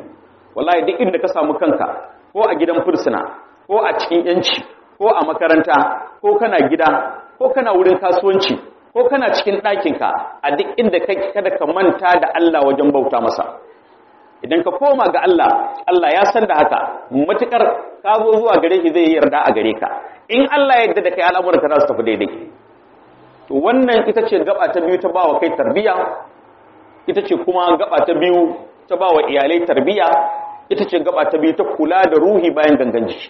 wallahi duk inda ka samu kanka ko a gidan fursuna ko a cikin yanci ko a makaranta ko kana gida ko kana wurin kasuwanci ko kana cikin ɗakinka a duk inda kada ka manta da Allah wajen bauta masa idan ka koma ga Allah Allah ya san da haka matukar ka zo zuwa gare shi zai yarda a gare ka in Allah ya yarda da kai al'amuranka za su tafi daidai wannan ita ce gaba ta biyu ta ba wa kai tarbiya ita ce kuma gaba ta biyu ta ba wa iyalai tarbiya ita ce gaba ta biyu ta kula da ruhi bayan gangan jiki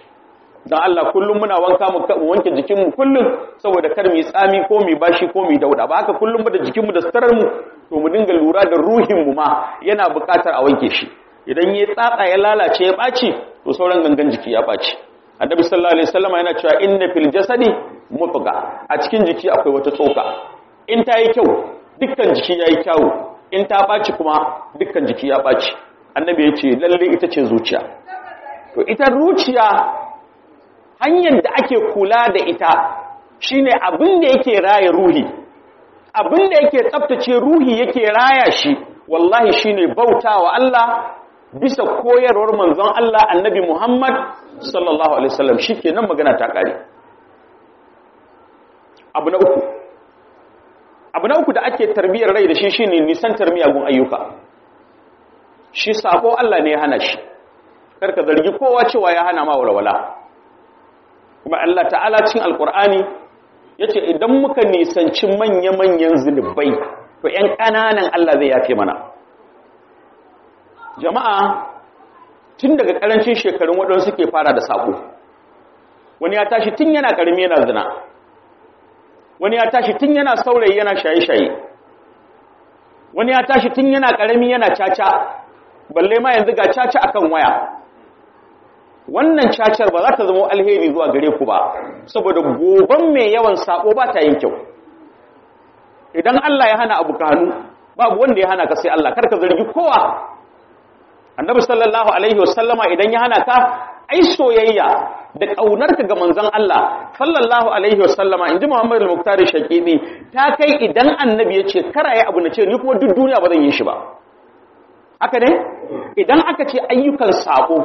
don Allah kullum muna wanka mu wanke jikinmu kullum saboda kar mu yi tsami ko mu bashi ko mu dauɗa. ba haka kullum da jikinmu da mu to mu dinga lura da ruhin mu ma yana bukatar a wanke shi idan ya tsatsa ya lalace ya ɓaci to sauran gangan jiki ya ɓaci annabi sallallahu alaihi wasallam yana cewa inna fil jasadi mutqa a cikin jiki akwai wata tsoka in ta yi kyau dukkan jiki yayi kyau in ta baci kuma dukkan jiki ya baci annabi ya ce lalle ita ce zuciya to ita zuciya hanyar da ake kula da ita shine abin da yake raye ruhi abin da yake tsaftace ruhi yake raya shi wallahi shine bautawa Allah bisa koyarwar manzon Allah annabi Muhammad sallallahu alaihi wasallam shikenan magana ta kare abu na uku abu na uku da ake tarbiyyar rai da shi shine nisan miyagun ayyuka shi sako Allah ne ya hana shi karka zargi kowa cewa ya hana ma walwala kuma Allah ta'ala cin alkur'ani yace idan muka nisanci manya-manyan zunubai to 'yan ƙananan Allah zai yafe mana jama'a tun daga ƙarancin shekarun waɗansu ke fara da saƙo wani ya tashi tun yana ƙarami yana zina wani ya tashi tun yana saurayi yana shaye-shaye wani ya tashi tun yana ƙarami yana caca balle ma yanzu ga caca akan waya wannan cacar ba za ta zama alheri zuwa gare ku ba saboda goban mai yawan saƙo ba ta yin kyau idan Allah ya hana abu kanu babu wanda ya hana ka sai Allah ka zargi kowa annabi sallallahu alaihi wasallama idan ya hana ka ai soyayya da ƙaunarka ga manzon Allah sallallahu alaihi wasallama inji Muhammad al-Muktar Shaqimi ta kai idan annabi ya karaye abu na ce ni kuma duk duniya ba zan yi shi ba haka ne idan aka ce ayyukan sako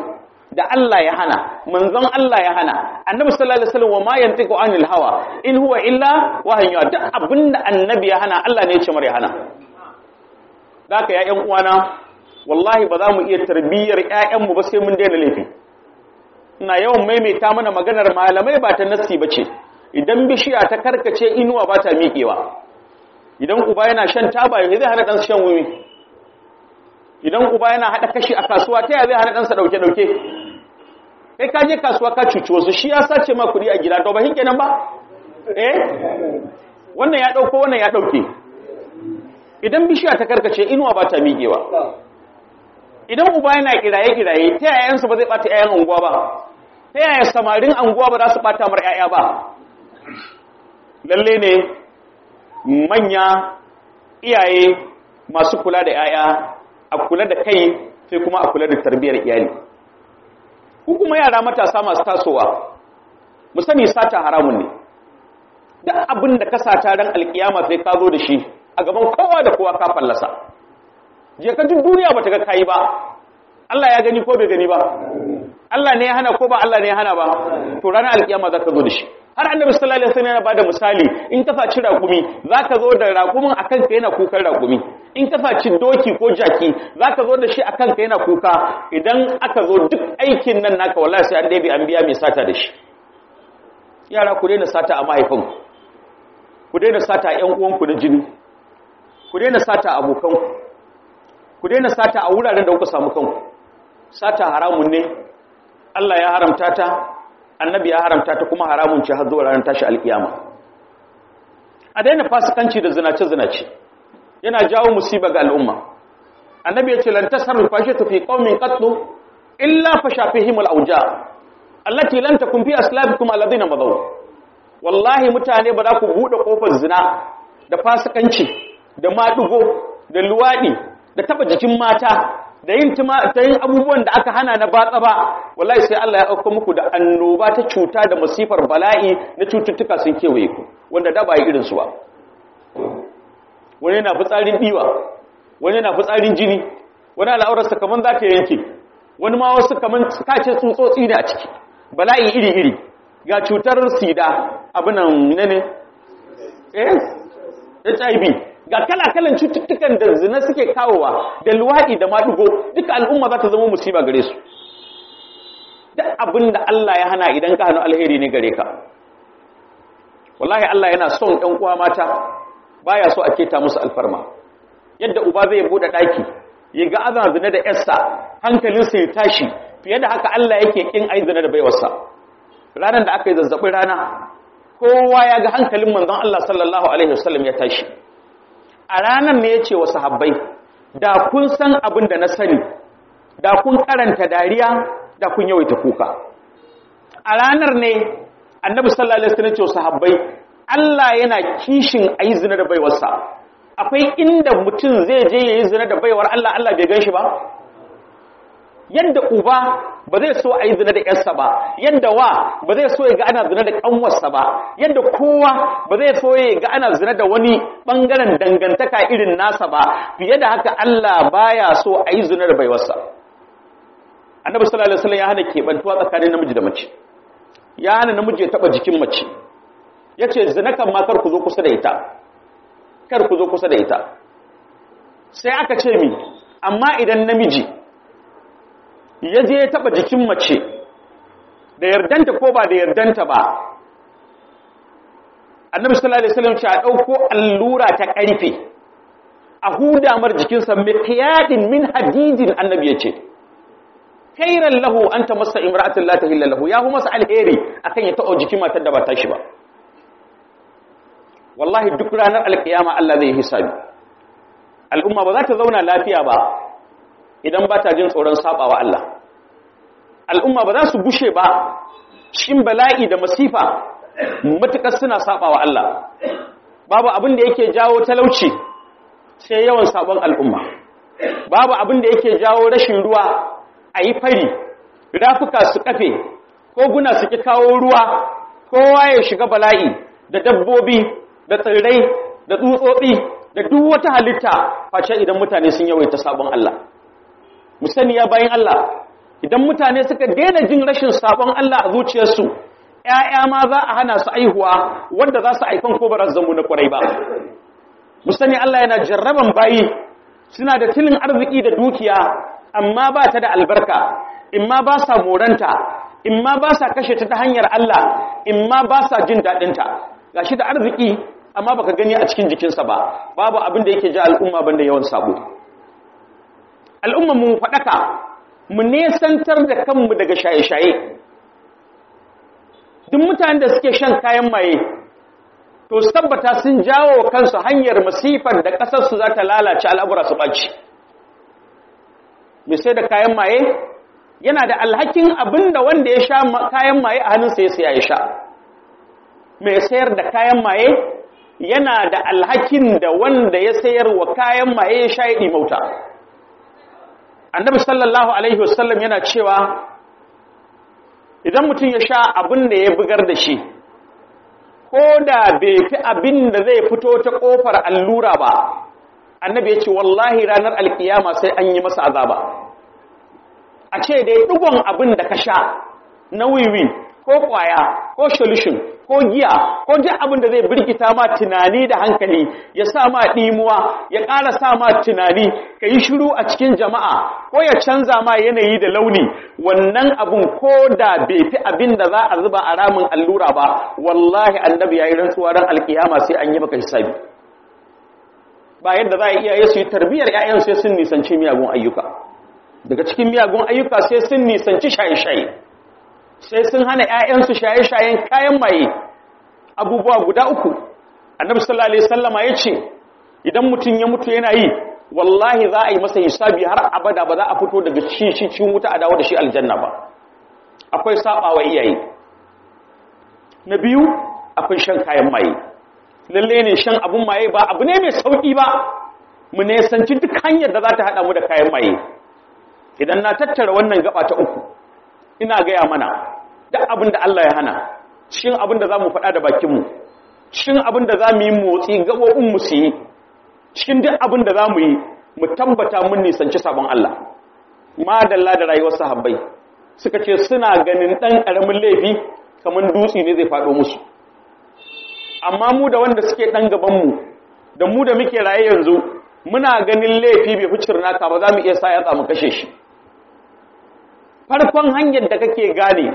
da Allah ya hana manzon Allah ya hana annabi sallallahu alaihi wasallam wa ma yantiqu anil hawa in huwa illa wahyu duk abinda annabi ya hana Allah ne ya ce mar ya hana zaka ya ƴan uwana wallahi ba za mu iya tarbiyyar 'ya'yanmu ba sai mun daina laifi ina yawan maimaita mana maganar malamai ba ta nassi bace idan bishiya ta karkace inuwa ba ta miƙewa idan uba yana shan taba ya zai hana ɗansa shan wuri idan uba yana haɗa kashi a kasuwa ta ya zai hana ɗansa ɗauke-ɗauke kai ka je kasuwa ka cuci wasu shi ya sace ma kuɗi a gida to ba hin kenan ba eh wannan ya ɗauko wannan ya ɗauke idan bishiya ta karkace inuwa ba ta miƙewa idan uba yana kiraye kiraye ta yayansu ba zai bata yayan unguwa ba ta yaya samarin unguwa ba za su bata mar yaya ba lalle ne manya iyaye masu kula da yaya a kula da kai sai kuma a kula da tarbiyyar iyali ku kuma yara matasa masu tasowa mu sani sata haramun ne duk abin da ka sata ran alkiyama sai ka zo da shi a gaban kowa da kowa ka fallasa je ka duk duniya ba ta ga kayi ba Allah ya gani ko bai gani ba Allah ne ya hana ko ba Allah ne ya hana ba to ranar alkiyama za ka zo da shi har annabi sallallahu alaihi wasallam yana bada misali in ka faci rakumi za ka zo da rakumin akan ka yana kukan rakumi in ka faci doki ko jaki za ka zo da shi akan ka yana kuka idan aka zo duk aikin nan naka wallahi sai an dai an biya mai sata da shi yara ku daina sata a mahaifin ku daina sata a 'yan uwanku na jini ku daina sata abokanku ku daina sata a wuraren da kuka samu kanku sata haramun ne Allah ya haramta ta annabi ya haramta ta kuma haramun ce har zuwa ranar tashi alkiyama a daina fasikanci da zinace zinace yana jawo musiba ga al'umma annabi ya ce lan tasarru fashatu fi qaumin qattu illa fashafihim al-awja allati lan takun fi aslabikum alladhina madaw wallahi mutane ba za ku bude kofar zina da fasikanci da madugo da luwadi da taba jikin mata da yin ta abubuwan da aka hana na batsa ba wallahi sai Allah ya auka muku da annoba ta cuta da masifar bala'i na cututtuka sun kewaye ku wanda da ba yi irin su ba wani yana fitsarin diwa wani yana fitsarin jini wani al'aurarsa kaman za yanke wani ma wasu kaman kace tsutsotsi ne a ciki bala'i iri iri ga cutar sida abinan ne ne eh hiv ga kala-kalan cututtukan da zina suke kawowa da luwaɗi da madugo duka al'umma za ta zama musiba gare su duk abin da Allah ya hana idan ka hannu alheri ne gare ka wallahi Allah yana son ɗan uwa mata baya so a keta musu alfarma yadda uba zai bude ɗaki ya ga azan zina da yarsa hankalinsa ya tashi fiye da haka Allah yake kin ai zina da baiwarsa ranar da aka yi zazzabin rana kowa ya ga hankalin manzon Allah sallallahu alaihi wasallam ya tashi a ranar ne ya ce wa sahabbai da kun san abin da na sani da kun karanta dariya da kun yawaita kuka a ranar ne annabi sallallahu alaihi wasallam ce wa sahabbai Allah yana kishin ayi zina da baiwarsa akwai inda mutum zai je yayi zina da baiwar Allah Allah bai gan shi ba yanda uba ba zai so a yi zina da ƴarsa ba yanda wa ba zai so ya ga ana zina da ƙanwarsa ba yanda kowa ba zai so ya ga ana zina da wani ɓangaren dangantaka irin nasa ba fiye da haka Allah baya so a yi zina da baiwarsa annabi sallallahu alaihi wasallam ya hana keɓantuwa tsakanin namiji da mace ya hana namiji ya taɓa jikin mace ya ce zina kan ma kar ku zo kusa da ita kar ku zo kusa da ita sai aka ce mi amma idan namiji ya je ya taba jikin mace da yardanta ko ba da yardanta ba annabi sallallahu alaihi wasallam ya dauko allura ta karfe a huda mar jikin sa miqyadin min hadidin annabi yace khairan lahu an tamassa imra'atan la tahilla lahu ya hu masa alheri akan ya ta'o jikin matar da ba ta shi ba wallahi duk ranar alkiyama Allah zai hisabi al'umma ba za ta zauna lafiya ba idan ba ta jin tsoron sabawa Allah al'umma ba za su gushe ba cikin bala'i da masifa matukar suna sabawa Allah babu abin da yake jawo talauci sai yawan sabon al'umma babu abin da yake jawo rashin ruwa a yi fari rafuka su kafe koguna su ki kawo ruwa kowa ya shiga bala'i da dabbobi da tsirrai da tsutsotsi da duk wata halitta face idan mutane sun yawaita sabon Allah mu ya bayan Allah idan mutane suka daina jin rashin sabon Allah a zuciyarsu ‘ya'ya ma za a hana su aihuwa wanda za su aifan ko ba zamu na kwarai ba Musani Allah yana jarraban bayi suna da tilin arziki da dukiya amma ba ta da albarka imma ba sa moranta imma ba sa kashe ta ta hanyar Allah imma ba sa jin daɗinta gashi da arziki amma baka gani a cikin jikinsa ba babu abin da yake ji al'umma banda yawan sabo al'umma mu faɗaka mu nesantar da kanmu daga shaye-shaye duk mutanen da suke shan kayan maye to tabbata sun jawo kansu hanyar masifar da ƙasarsu za ta lalace al'abura su ɓaci mai sai da kayan maye yana da alhakin abin da wanda ya sha kayan maye a hannunsa ya siya ya sha mai sayar da kayan maye yana da alhakin da wanda ya sayar wa kayan maye ya sha ya ɗimauta annabi sallallahu alaihi wasallam yana cewa idan mutum ya sha abin da ya bugar da shi ko da bai fi abin da zai fito ta kofar allura ba annabi ya ce wallahi ranar alkiyama sai an yi masa azaba a ce dai dugon abin da ka sha na wiwi ko kwaya ko solution ko giya ko duk abin da zai birkita ma tunani da hankali ya sa ma ɗimuwa ya ƙara sa ma tunani ka yi shiru a cikin jama'a ko ya canza ma yanayi da launi wannan abun ko da bai fi abin da za a zuba a ramin allura ba wallahi annabi ya yi rantsuwa ran alkiyama sai an yi maka hisabi ba yadda za a iya su yi tarbiyyar 'ya'yansu sai sun nisanci miyagun ayyuka daga cikin miyagun ayyuka sai sun nisanci shaye-shaye sai sun hana ‘ya'yansu shaye-shayen kayan maye abubuwa guda uku annabi sallallahu alaihi sallama ya ce idan mutum ya mutu yana yi wallahi za a yi masa hisabi har abada ba za a fito daga cikin wuta a dawo da shi aljanna ba akwai saba iyaye na biyu akwai shan kayan maye lalle ne shan abun maye ba abu ne mai sauki ba mu nesanci duk hanyar da za ta haɗa mu da kayan maye idan na tattara wannan gaba ta uku ina gaya mana duk abin da Allah ya hana cikin abin da za mu faɗa da bakinmu cikin abin da za mu yi motsi gaɓoɓinmu su yi cikin duk abin da za mu yi mu tambata mun nisanci sabon Allah madalla da rayuwar sahabbai suka ce suna ganin ɗan ƙaramin laifi kamar dutsi ne zai faɗo musu amma mu da wanda suke ɗan gabanmu da mu da muke raye yanzu muna ganin laifi bai fi cirnaka ba za mu iya sa yatsa mu kashe shi farkon hanyar da kake gane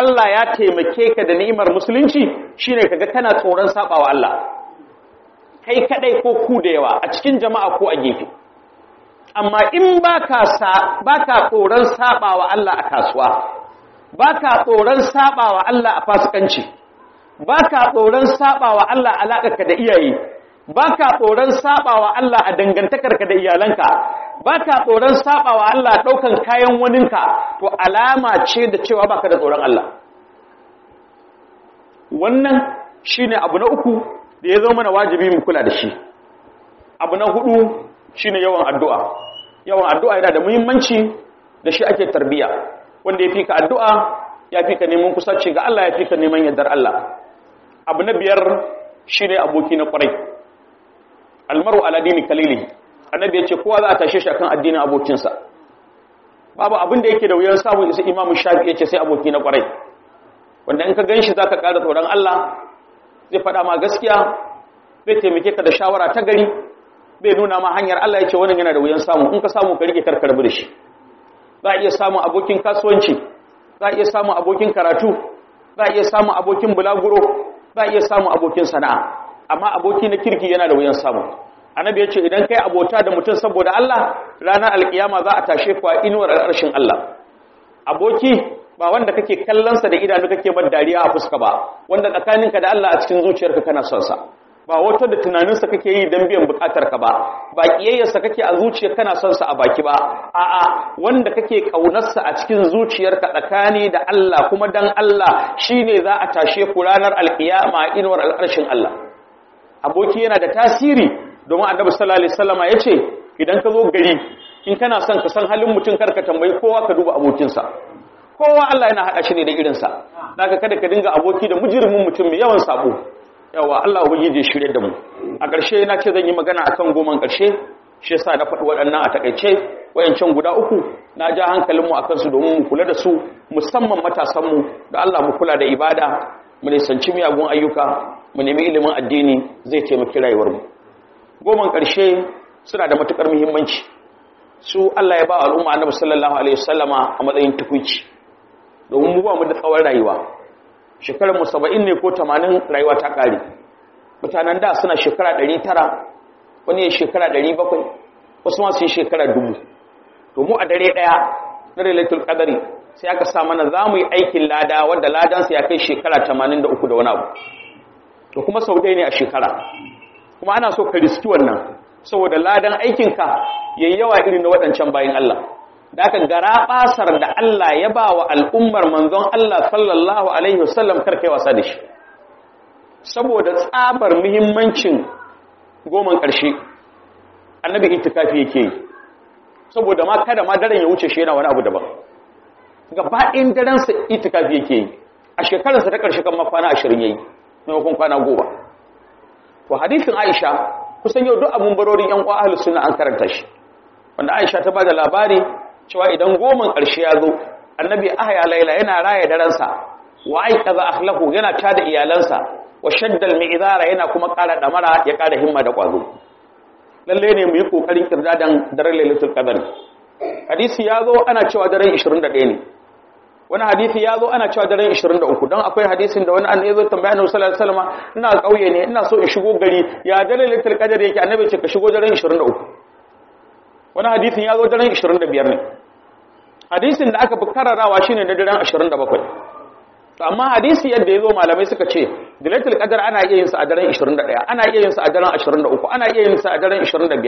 Allah ya taimake ka da ni'imar musulunci shine kaga kana tsoron sabawa Allah kai kadai ko ku da yawa a cikin jama'a ko a gefe amma in baka sa baka tsoron sabawa Allah a kasuwa baka tsoron sabawa Allah a fasikanci baka tsoron sabawa Allah ka da iyaye baka tsoron sabawa Allah a dangantakarka da iyalanka ba ka tsoron saba wa Allah ɗaukan kayan waninka to alama ce da cewa ba ka da tsoron Allah wannan shi ne abu na uku da ya zo mana wajibi mu kula da shi abu na hudu shi ne yawan addu'a yawan addu'a yana da muhimmanci da shi ake tarbiya wanda ya fi ka addu'a ya fi ka neman kusaci ga Allah ya fi ka neman yardar Allah abu na biyar shi ne aboki na kwarai almaru aladini kalili annabi ya ce kowa za a tashe shi akan addinin abokinsa babu abin da yake da wuyan samu isa imamu shafi ya ce sai aboki na kwarai wanda in ka gan shi za ka kada tsoron allah zai faɗa ma gaskiya zai taimake ka da shawara ta gari bai nuna ma hanyar allah ya ce wannan yana da wuyan samu in ka samu ka rike karkarbi da shi za a iya samun abokin kasuwanci za a iya samun abokin karatu za a iya samun abokin bulaguro za a iya samun abokin sana'a amma aboki na kirki yana da wuyan samu annabi ya ce idan kai abota da mutum saboda Allah ranar alkiyama za a tashe ku a inuwar al'arshin Allah aboki ba wanda kake kallonsa da idanu kake bar dariya a fuska ba wanda tsakaninka da Allah a cikin zuciyarka kana son ba wato da tunaninsa kake yi don biyan bukatarka ba ba kiyayyarsa kake a zuciya kana son a baki ba a'a wanda kake kaunarsa a cikin zuciyarka tsakani da Allah kuma dan Allah shi ne za a tashe ku ranar alkiyama inuwar alƙarshen Allah aboki yana da tasiri domin annabi sallallahu alaihi wasallama yace idan ka zo gari in kana son ka san halin mutum karka tambayi kowa ka duba abokinsa kowa Allah yana haɗa shi ne da irinsa naka kada ka dinga aboki da mujirmin mutum mai yawan sabo yawa Allah ubangiji shirye da mu a ƙarshe na ce zan yi magana akan goman ƙarshe shi yasa na faɗi waɗannan a takaice wayancan guda uku na ja hankalinmu a kansu domin mu kula da su musamman matasanmu da Allah mu kula da ibada mu nisanci miyagun ayyuka mu nemi ilimin addini zai taimaki rayuwarmu goman ƙarshe suna da matuƙar muhimmanci su Allah ya ba al'umma annabi sallallahu alaihi wasallama a matsayin tukunci domin mu ba mu da tsawon rayuwa shekarar mu 70 ne ko 80 rayuwa ta kare mutanen da suna shekara 900 wani ya shekara 700 wasu ma yi shekara 1000 to mu a dare ɗaya na lailatul qadari sai aka sa mana za mu yi aikin lada wanda ladansa ya kai shekara 83 da wani abu to kuma sau ɗaya ne a shekara kuma ana so ka riski wannan saboda ladan aikinka yayi yawa irin na waɗancan bayin Allah da aka gara basar da Allah ya ba wa al'ummar manzon Allah sallallahu alaihi wasallam karkai wasa da shi saboda tsabar muhimmancin goman ƙarshe annabi itikafi yake yi saboda ma kada ma daren ya wuce shi yana wani abu daban gaba ɗin daren sa itikafi yake yi a shekararsa ta ƙarshe kan makwana ashirin yayi maimakon kwana goma to hadisin Aisha kusan yau duk abun barorin yan uwa ahlus sunna an karanta shi wanda Aisha ta bada labari cewa idan goman ƙarshe ya zo annabi ahya laila yana raya ransa wa kaza akhlaqu yana tada iyalansa wa shaddal mi'zara yana kuma kara damara ya kara himma da kwazo lalle ne mu yi kokarin kirdadan daren lailatul qadr hadisi ya zo ana cewa daren 21 ne wani hadisi ya zo ana cewa daren 23 don akwai hadisin da wani annabi zo tambaya annabi sallallahu alaihi wasallam ina kauye ne ina so in shigo gari ya daren lailatul qadr yake annabi ce ka shigo daren 23 wani hadisin ya zo daren 25 ne hadisin da aka fi kararawa shine na daren 27 to amma hadisi yadda ya zo malamai suka ce dilatul qadar ana iya yin sa a daren 21 ana iya yin sa a daren 23 ana iya yin sa a daren 25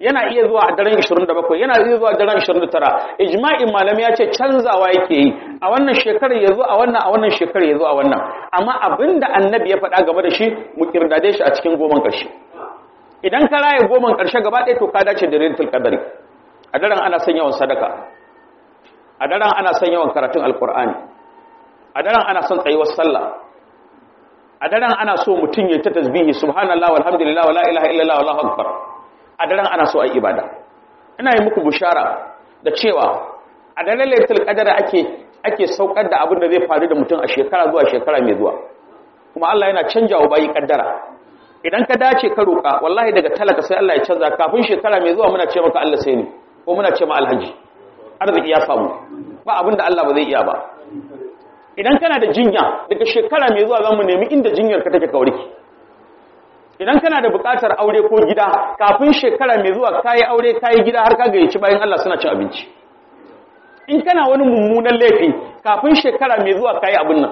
yana iya zuwa a daren 27 yana iya zuwa a daren 29 ijma'in malamai ya ce canzawa yake yi a wannan shekarar ya zo a wannan a wannan shekarar ya zo a wannan amma abinda annabi ya faɗa game da shi mu kirdade shi a cikin goman ƙarshe idan ka raye goman ƙarshe gaba ɗaya to ka dace da dilatul qadar a daren ana son yawan sadaka a daren ana son yawan karatun alqur'ani a daren ana son tsayuwar sallah a daren ana so mutum ya ta tasbihi subhanallahi walhamdulillahi wala ilaha illallah wallahu akbar a daren ana so ayi ibada ina yi muku bushara da cewa a daren lailatul qadar ake ake saukar da abin da zai faru da mutum a shekara zuwa shekara mai zuwa kuma Allah yana canjawa bayi kaddara idan ka dace ka roka wallahi daga talaka sai Allah ya canza kafin shekara mai zuwa muna ce maka Allah sai ni ko muna ce ma alhaji arziki ya samu ba abin da Allah ba zai iya ba idan kana da jinya daga shekara mai zuwa zamu nemi inda jinyar ka take ka warke idan kana da buƙatar aure ko gida kafin shekara mai zuwa kai aure kayi gida har ka gayyaci bayan Allah suna cin abinci in kana wani mummunan laifi kafin shekara mai zuwa kayi abun nan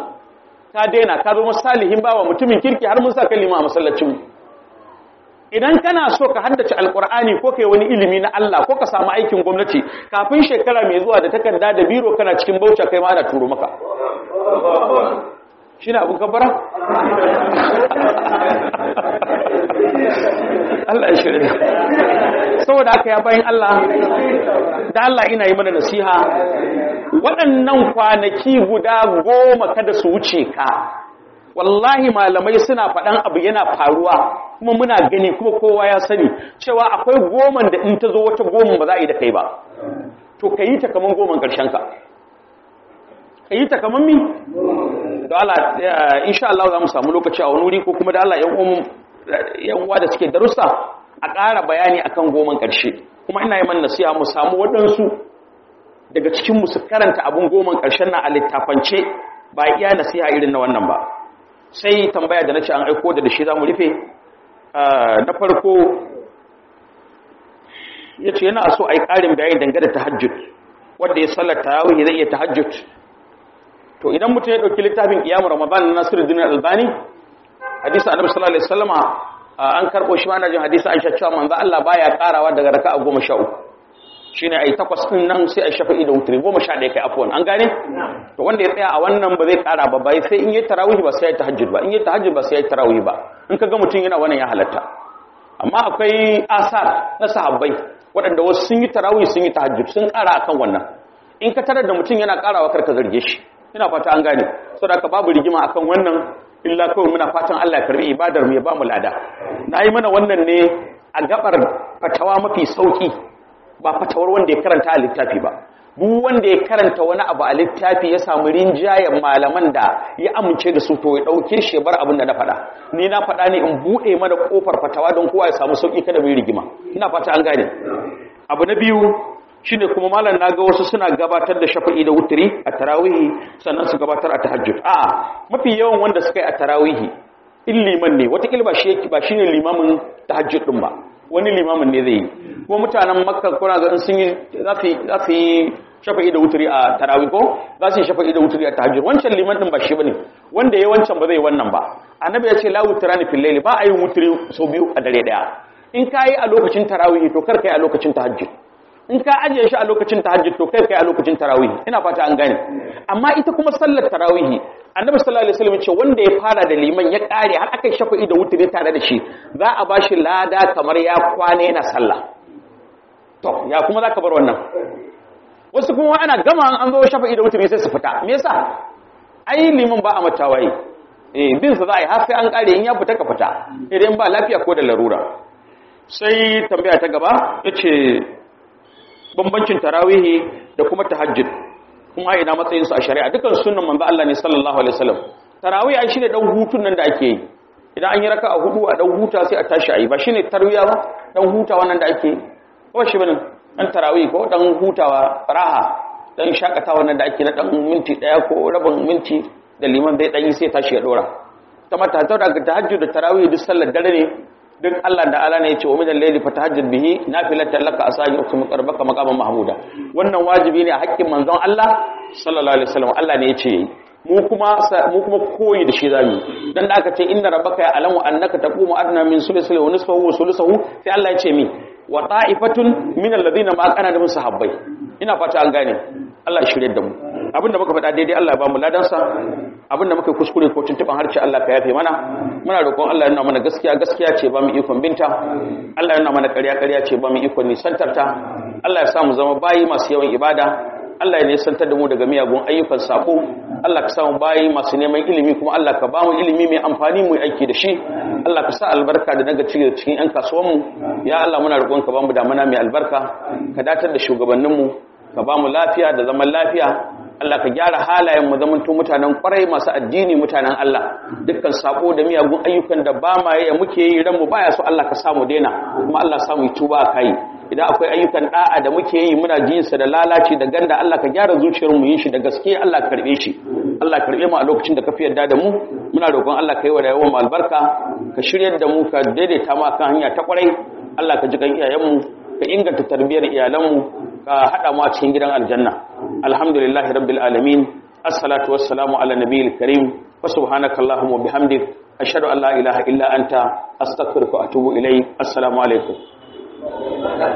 ka daina ka zama salihin bawa mutumin kirki har mun sa kalima a masallacin mu. idan kana so ka haddace alkur'ani ko kai wani ilimi na Allah ko ka samu aikin gwamnati kafin shekara mai zuwa da takarda da biro kana cikin bauta kai ma ana turo maka shi abun abin (laughs) Allah ya shirya saboda aka ya bayan Allah da Allah ina yi mana nasiha waɗannan kwanaki guda goma kada su wuce ka wallahi malamai suna faɗan abu yana faruwa kuma muna gani kuma kowa ya sani cewa akwai goman da in ta zo wata goman ba za a yi da kai ba to ka yi ta kamar goman ƙarshen ka ka yi ta kamar mi da Allah eh, insha Allah za mu samu lokaci a wani wuri ko kuma da Allah yan uwa da suke darussa a ƙara bayani akan goman ƙarshe kuma ina yi man nasiha mu samu waɗansu daga cikin musu karanta abin goman ƙarshen na a littafance ba iya nasiha irin na wannan ba sai tambaya da na ce an aiko da shi za mu rufe ah, na farko ya ce yana so a yi ƙarin bayani dangada ta hajjut. Wadda ya sallar yawon zai iya ta hajjut. to idan mutum ya ɗauki littafin iyamu ramadan na nasiru nasiruddin albani hadisa annabi sallallahu alaihi wasallama ah, an karɓo shi ma na jin hadisi aisha cewa manzo Allah baya karawa daga raka a goma sha uku shine ai takwas din nan sai ai shafa'i da wutri goma sha ɗaya kai afwan an gane to wanda ya tsaya a wannan ba zai ƙara ba bai sai in yi tarawih ba sai ya tahajjud ba in yi tahajjud ba sai ya tarawih ba in ga mutum yana wannan ya halatta amma akwai asar na sahabbai waɗanda wasu sun yi tarawih sun yi tahajjud sun ƙara akan wannan in ka tarar da mutum yana ƙarawa karka zarge shi ina fata an gane saboda ka babu rigima akan wannan illa kawai muna fatan Allah ya karbi ibadar mu ya ba mu lada yi mana wannan ne a gabar fatawa mafi sauki ba fatawar wanda ya karanta a littafi ba duk wanda ya karanta wani abu a littafi ya samu rinjayen malaman da ya amince da su to ya dauke shi ya bar abin da na faɗa ni na faɗa ne in buɗe mana kofar fatawa don kowa ya samu sauki kada mu rigima ina fata an gane abu na biyu shine kuma malam ga wasu suna gabatar da shafi'i da wutri a tarawihi sannan su gabatar a tahajjud a'a mafi yawan wanda suka yi a tarawihi in liman ne watakila ba shi ba limamin tahajjud din ba wani limamin ne zai yi kuma mutanen makka kuna ga sun yi za su yi shafa wuturi a tarawih ko za su shafa'i da wuturi a tahajjud wancan liman din ba shi bane wanda ya wancan ba zai wannan ba annabi ya ce la ni fil layli ba ayi wuturi so biyu a dare daya in kai a lokacin tarawih to kar kai a lokacin tahajjud in ka ajiye shi a lokacin tahajjud to kai kai a lokacin tarawih ina fata an gane amma ita kuma sallar tarawih annabi sallallahu alaihi wasallam ce wanda ya fara da liman ya kare har akai shafa'i da wuturi tare da shi za a bashi lada kamar ya kwana yana sallah to ya kuma zaka bar wannan wasu kuma ana gama an zo shafa'i da wuturi sai su fita me yasa ai liman ba a matawaye eh bin sa za a yi har sai an kare in ya fita ka fita idan ba lafiya ko da larura sai tambaya ta gaba yace bambancin tarawihi da kuma tahajjud kuma ina matsayin su a shari'a dukan sunnan manzo Allah ne sallallahu alaihi wasallam tarawih ai shine dan hutun nan da ake yi idan an yi raka'a hudu a dan huta sai a tashi ayi ba shine tarwiya ba dan huta wannan da ake yi ko shi bane dan tarawih ko dan hutawa raha dan shakatawa nan da ake na dan minti daya ko rabin minti da liman zai dan yi sai tashi ya dora ta mata ta daga tahajjud da tarawih duk sallar dare ne duk Allah da ala ne ya ce wa minal layli fatahajjad bihi talaka laka asabi ukum qarbaka maqaman mahmuda wannan wajibi ne a haƙƙin manzon Allah sallallahu alaihi wasallam Allah ne ya ce mu kuma mu kuma koyi da shi zamu dan da aka ce inna rabbaka ya alamu annaka taqumu adna min sulsihi wa nisfahu wa sulusahu sai Allah ya ce mi wa ta'ifatun min alladhina ma kana da sahabbai ina fata an gane Allah shirye da mu abinda muka faɗa daidai Allah ba mu ladansa abinda muka kuskure ko tuntuban harci Allah ka yafe mana muna roƙon Allah ya nuna mana gaskiya gaskiya ce ba mu ikon binta Allah ya nuna mana ƙarya ƙarya ce ba mu ikon nisantarta Allah ya sa mu zama bayi masu yawan ibada Allah ya nisantar da mu daga miyagun ayyukan sako Allah ka mu bayi masu neman ilimi kuma Allah ka ba mu ilimi mai amfani mu aiki da shi Allah ka sa albarka da naga cikin cikin ƴan kasuwanmu ya Allah muna roƙon ka ba mu damana mai albarka ka datar da shugabanninmu ka ba mu lafiya da zaman lafiya Allah ka gyara halayen mu zamanto mutanen kwarai masu addini mutanen Allah dukkan sako da miyagun ayyukan da ba ma yaya muke yi ran mu baya so Allah ka sa mu daina kuma Allah samu yi tuba kai idan akwai ayyukan da'a da muke yi muna jin sa da lalaci da ganda Allah ka gyara zuciyar mu yin shi da gaske Allah ka karbe shi Allah karbe mu a lokacin da ka fi da mu muna roƙon Allah ka yi wa rayuwar mu albarka ka shiryar da mu ka daidaita mu kan hanya ta kwarai Allah ka ji kan iyayen mu ka inganta tarbiyyar iyalan mu ka haɗa mu a cikin gidan aljanna alhamdulillahi rabbil alamin assalatu wassalamu ala nabiyil karim wa subhanaka allahumma bihamdik ashhadu an la ilaha illa anta astaghfiruka wa atubu ilayk assalamu alaikum